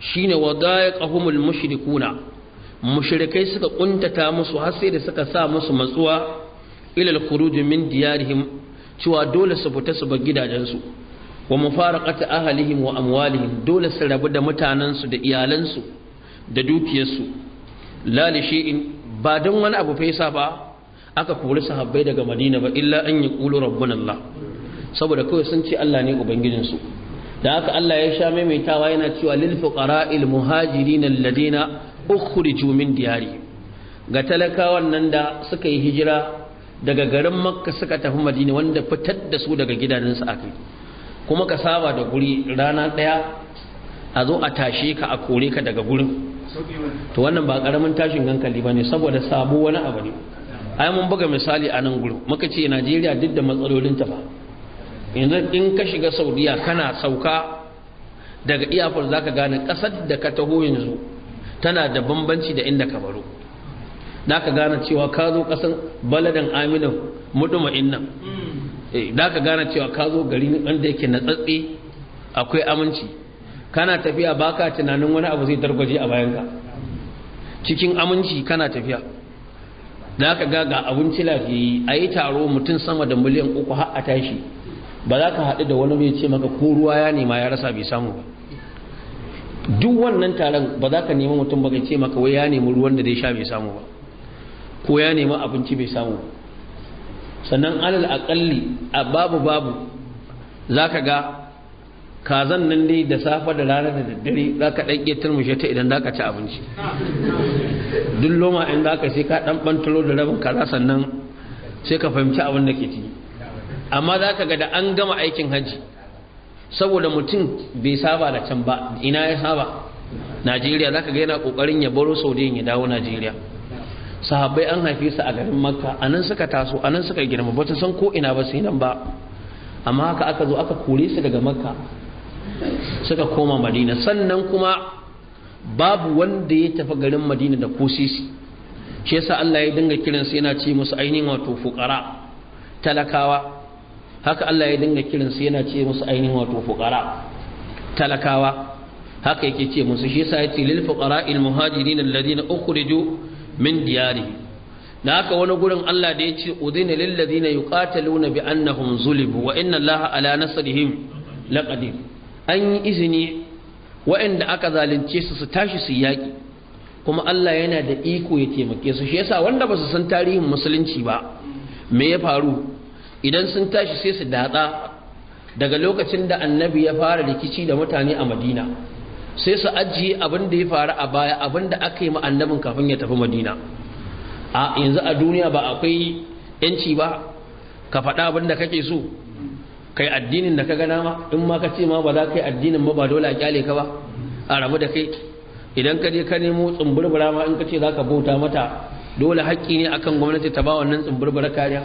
shine wa dayaqahumul mushrikuna mushrikai suka ƙuntata musu har sai da suka sa musu matsuwa ilal kuruji min diyarihim cewa dole su fita su bar gidajensu wa mufaraqati ahlihim wa amwalihim dole su rabu da mutanansu da iyalansu da dukiyarsu la li shay'in ba don wani abu fa yasa ba aka kori sahabbai daga Madina ba illa an yaqulu rabbuna Allah saboda kawai sun ce Allah ne su da haka Allah ya sha maimaitawa yana cewa lil fuqara'il muhajirin alladina ukhriju min diyari ga talakawan nan da suka yi hijira daga garin Makka suka tafi Madina wanda fitar da su daga gidajensu akai kuma ka saba da guri rana ɗaya a zo a tashe ka a kore ka daga gurin to wannan ba ƙaramin tashin hankali ba ne saboda sabo wani abu ne ai mun buga misali a nan muka ce najeriya duk da matsalolin ta ba yanzu in ka shiga saudiya kana sauka daga iyafar zaka gane ƙasar da ka taho yanzu tana da bambanci da inda ka baro naka gane cewa ka zo ƙasan baladan aminu mutuma'in nan hmm. Eh, da ka gane cewa ka zo gari wanda yake na tsatse akwai aminci kana tafiya baka tunanin wani abu zai targwaje a bayan ka, cikin aminci kana tafiya da ka ga ga abinci lafiyayi a yi taro mutum sama da miliyan uku har a tashi ba za ka haɗu da wani mai ce maka ko ruwa ya nema ya rasa bai samu ba duk wannan taron ba za ka nemi mutum ba ka ce maka wai ya nemi ruwan da dai sha bai samu ba ko ya nemi abinci bai samu ba sannan alal aƙalli a babu babu za ka ga kazan nan dai da safa da rana da daddare za ka ɗan ƙetar mushe ta idan za ka ci abinci duk loma in za ka sai ka ɗan ɓantalo da rabin kaza sannan sai ka fahimci abin da ke ci amma za ka ga da an gama aikin hajji saboda mutum bai saba da can ba ina ya saba najeriya za ka ga yana ƙoƙarin ya baro saudiya ya dawo najeriya sahabbai an haife su a garin makka a nan suka taso a nan suka girma ba ta san ko ina ba sai nan ba amma haka aka zo aka kore su daga makka suka koma madina sannan kuma babu wanda ya tafi garin madina da ko shi yasa Allah ya dinga kiransu yana ce musu ainihin wato fuqara talakawa haka Allah ya dinga kiransu yana ce musu ainihin wato fuqara talakawa haka yake ce musu shi yasa ce lil fuqara al muhajirin alladhina ukhriju min diyari na haka wani gurin Allah da ya ce udina lillazina yuqataluna bi annahum zulibu wa inna Allaha ala nasrihim laqadir an yi izini waɗanda aka zalunce su su tashi su yaƙi, kuma Allah yana da iko ya taimake su shi yasa wanda ba su san tarihin musulunci ba me ya faru idan sun tashi sai su datsa daga lokacin da annabi ya fara rikici da mutane a Madina sai su ajiye abin da ya faru a baya abin da aka yi ma'annabin kafin ya tafi madina a yanzu a duniya ba akwai yanci ba ka faɗa abin da kake so kai addinin da ka gana ma in ma ka ce ma ba za ka yi addinin ba ba dole a kyale ka ba a rabu da kai idan ka je ka nemo tsumburbura ma in ka ce za ka bauta mata dole haƙƙi ne akan gwamnati ta ba wannan tsumburbura kariya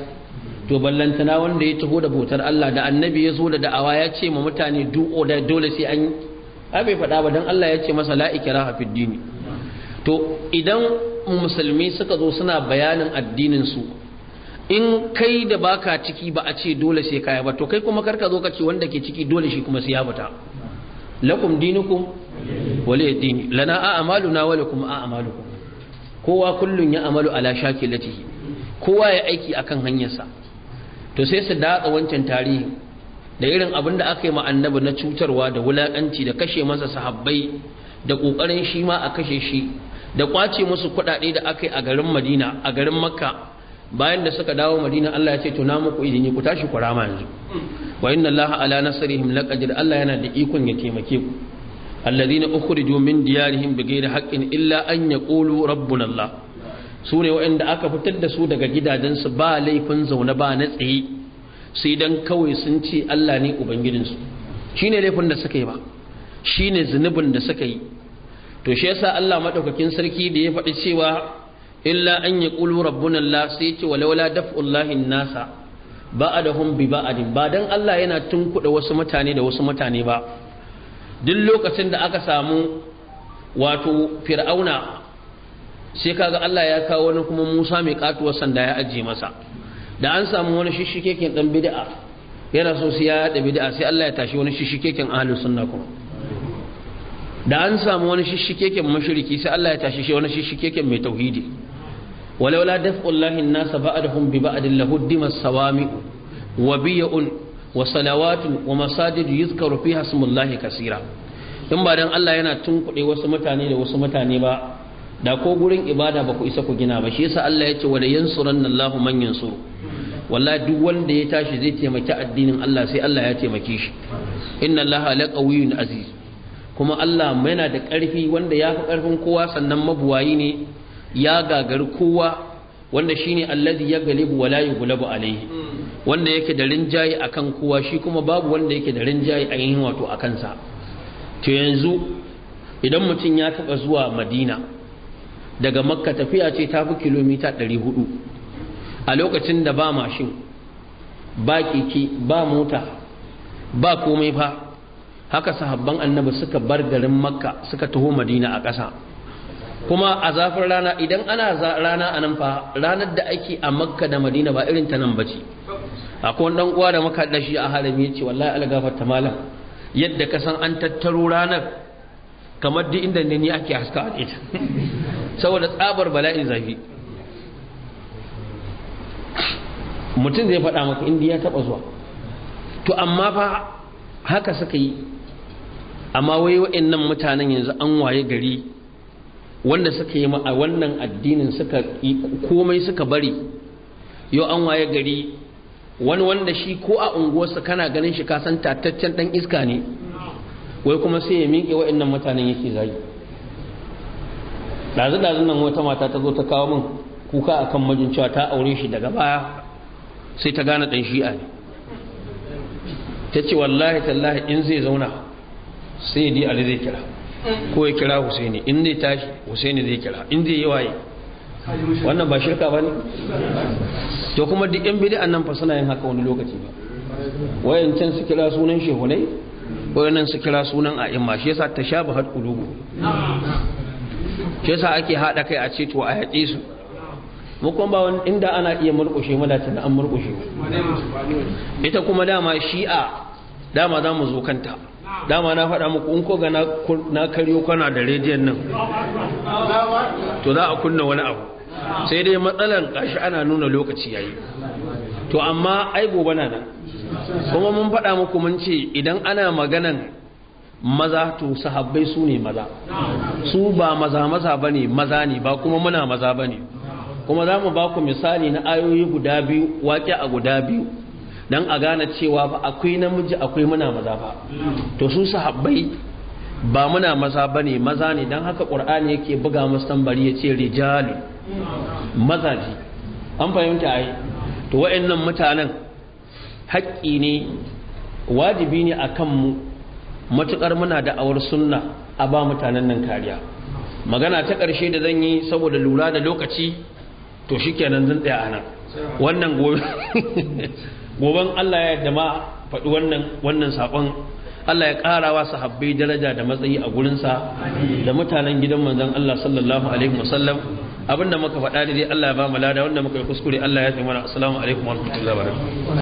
to ballantana wanda ya taho da bautar Allah da annabi ya zo da da'awa ya ce ma mutane du'o dole sai an ai bai faɗa ba dan Allah ya ce masa la ikraha fid dini to idan musulmi suka zo suna bayanin addinin su in kai da baka ciki ba a ce dole sai kaya ba to kai kuma karka zo ka ce wanda ke ciki dole shi kuma sai ya fita lakum dinukum wali dini lana a amaluna wa lakum a amalukum kowa kullun ya amalu ala shakilatihi kowa ya aiki akan hanyarsa to sai su datsa wancan tarihi da irin abin da aka yi ma annabi na cutarwa da wulaƙanci da kashe masa sahabbai da ƙoƙarin shi ma a kashe shi da kwace musu kuɗaɗe da aka yi a garin madina a garin makka bayan da suka dawo madina allah ya ce tuna muku izini ku tashi ku rama yanzu wa inna allah ala nasrihim laqadir allah yana da ikon ya taimake ku alladhina ukhriju min diyarihim bighayri haqqin illa an yaqulu rabbuna allah sune waɗanda aka fitar da su daga gidajensu ba laifin zaune ba na tsaye sai dan kawai sun ce Allah ne ubangijinsu shine laifin da suka yi ba shine zunubin da suka yi to shi yasa Allah maɗaukakin sarki da ya faɗi cewa illa an ƙulu rabbuna Allah sai ce walawala daf'ullahi nasa ba a bi ba'adin ba dan Allah yana tunkuda wasu mutane da wasu mutane ba duk lokacin da aka samu wato fir'auna sai kaga Allah ya kawo wani kuma Musa mai katuwar sanda ya ajiye masa da an samu wani shishikekin dan bid'a yana so sai ya yada bid'a sai Allah ya tashi wani shishikekin ahlus sunna kuma da an samu wani shishikekin mushriki sai Allah ya tashi shi wani shishikekin mai tauhidi walau la daf'ullahi an-nas ba'dahum bi ba'd lahuddima as-sawami wa biy'un wa salawatun wa masajid yuzkaru fiha ismullahi kaseera in ba dan Allah yana tunkuɗe wasu mutane da wasu mutane ba da ko gurin ibada ba ku isa ku gina ba shi yasa Allah ya ce wala yansuranna Allahu man yansuru wallahi duk wanda ya tashi zai taimaki addinin Allah sai Allah ya taimake shi inna la qawiyyun aziz kuma Allah yana da ƙarfi wanda ya fi ƙarfin kowa sannan mabuwayi ne ya gagari kowa wanda shine allazi ya galibu wala yughlabu alaihi wanda yake da rinjaye akan kowa shi kuma babu wanda yake da rinjaye a yin wato akan sa to yanzu idan mutum ya taɓa zuwa Madina daga makka tafiya ce ta fi kilomita 400 a lokacin da ba mashin ba keke ba mota ba komai fa haka sahabban annabi suka bar garin makka suka taho madina a ƙasa kuma a zafin rana idan ana rana a nan fa ranar da ake a makka da madina ba irin ta nan ba ce akwai wani uwa da makaɗa dashi a harami ya ce wallahi algafar ta malam yadda ka san an tattaro ranar kamar duk inda ne ni ake haska a ita saboda tsabar bala'in zafi mutum zai faɗa maka inda ya taɓa zuwa to amma fa haka suka yi amma wai nan mutanen yanzu an waye gari wanda suka yi a wannan addinin suka komai suka bari yau an waye gari wani wanda shi ko a unguwarsa kana ganin shi kasan tataccen ɗan iska ne wai kuma sai ya miƙe wa'annan mutanen yake zagi ɗazu ɗazu nan wata mata ta zo ta kawo min kuka a kan cewa ta aure shi daga baya sai ta gane ɗan shi'a ne ta ce wallahi tallahi in zai zauna sai di ali zai kira ko ya kira husaini in zai tashi husaini zai kira in zai yi waye wannan ba shirka ba ne to kuma duk yan bidi'an nan fa suna yin haka wani lokaci ba wayancan su kira sunan ne bayanan su kira sunan a imma shi yasa tashabahat qulubu shi yasa ake hada kai a ce to a yake su mu kuma ba wani inda ana iya murƙushe mu da tana an murƙushe ita kuma dama shi'a dama za mu zo kanta dama na faɗa muku in ko ga na karyo kana da rediyon nan to za a kunna wani abu sai dai matsalan kashi ana nuna lokaci yayi to amma ai gobe na nan kuma mun faɗa muku mun ce idan ana maganan maza to sahabbai su ne maza su ba maza maza ba ne maza ne ba kuma muna maza ba ne kuma za mu ba ku misali na ayoyi guda biyu waƙi a guda biyu don a gane cewa ba akwai namiji akwai muna maza ba to su sahabbai ba muna maza ba ne maza ne don haka ƙur'ani yake buga musu tambari ya ce rijali mazaji an fahimta ai to nan mutanen haƙƙi ne wajibi ne a kanmu matuƙar muna da'awar sunna a ba mutanen nan kariya magana ta ƙarshe da zan yi saboda lura da lokaci to shi kenan zan tsaya a nan wannan goben allah ya yadda ma faɗi wannan saƙon Allah ya ƙara wa sahabbai daraja da matsayi a gurinsa da mutanen gidan manzan Allah sallallahu alaihi wasallam abinda muka faɗa dai Allah ya ba mu lada wanda muka yi kuskure Allah ya tsaye mana assalamu alaikum warahmatullahi wabarakatuh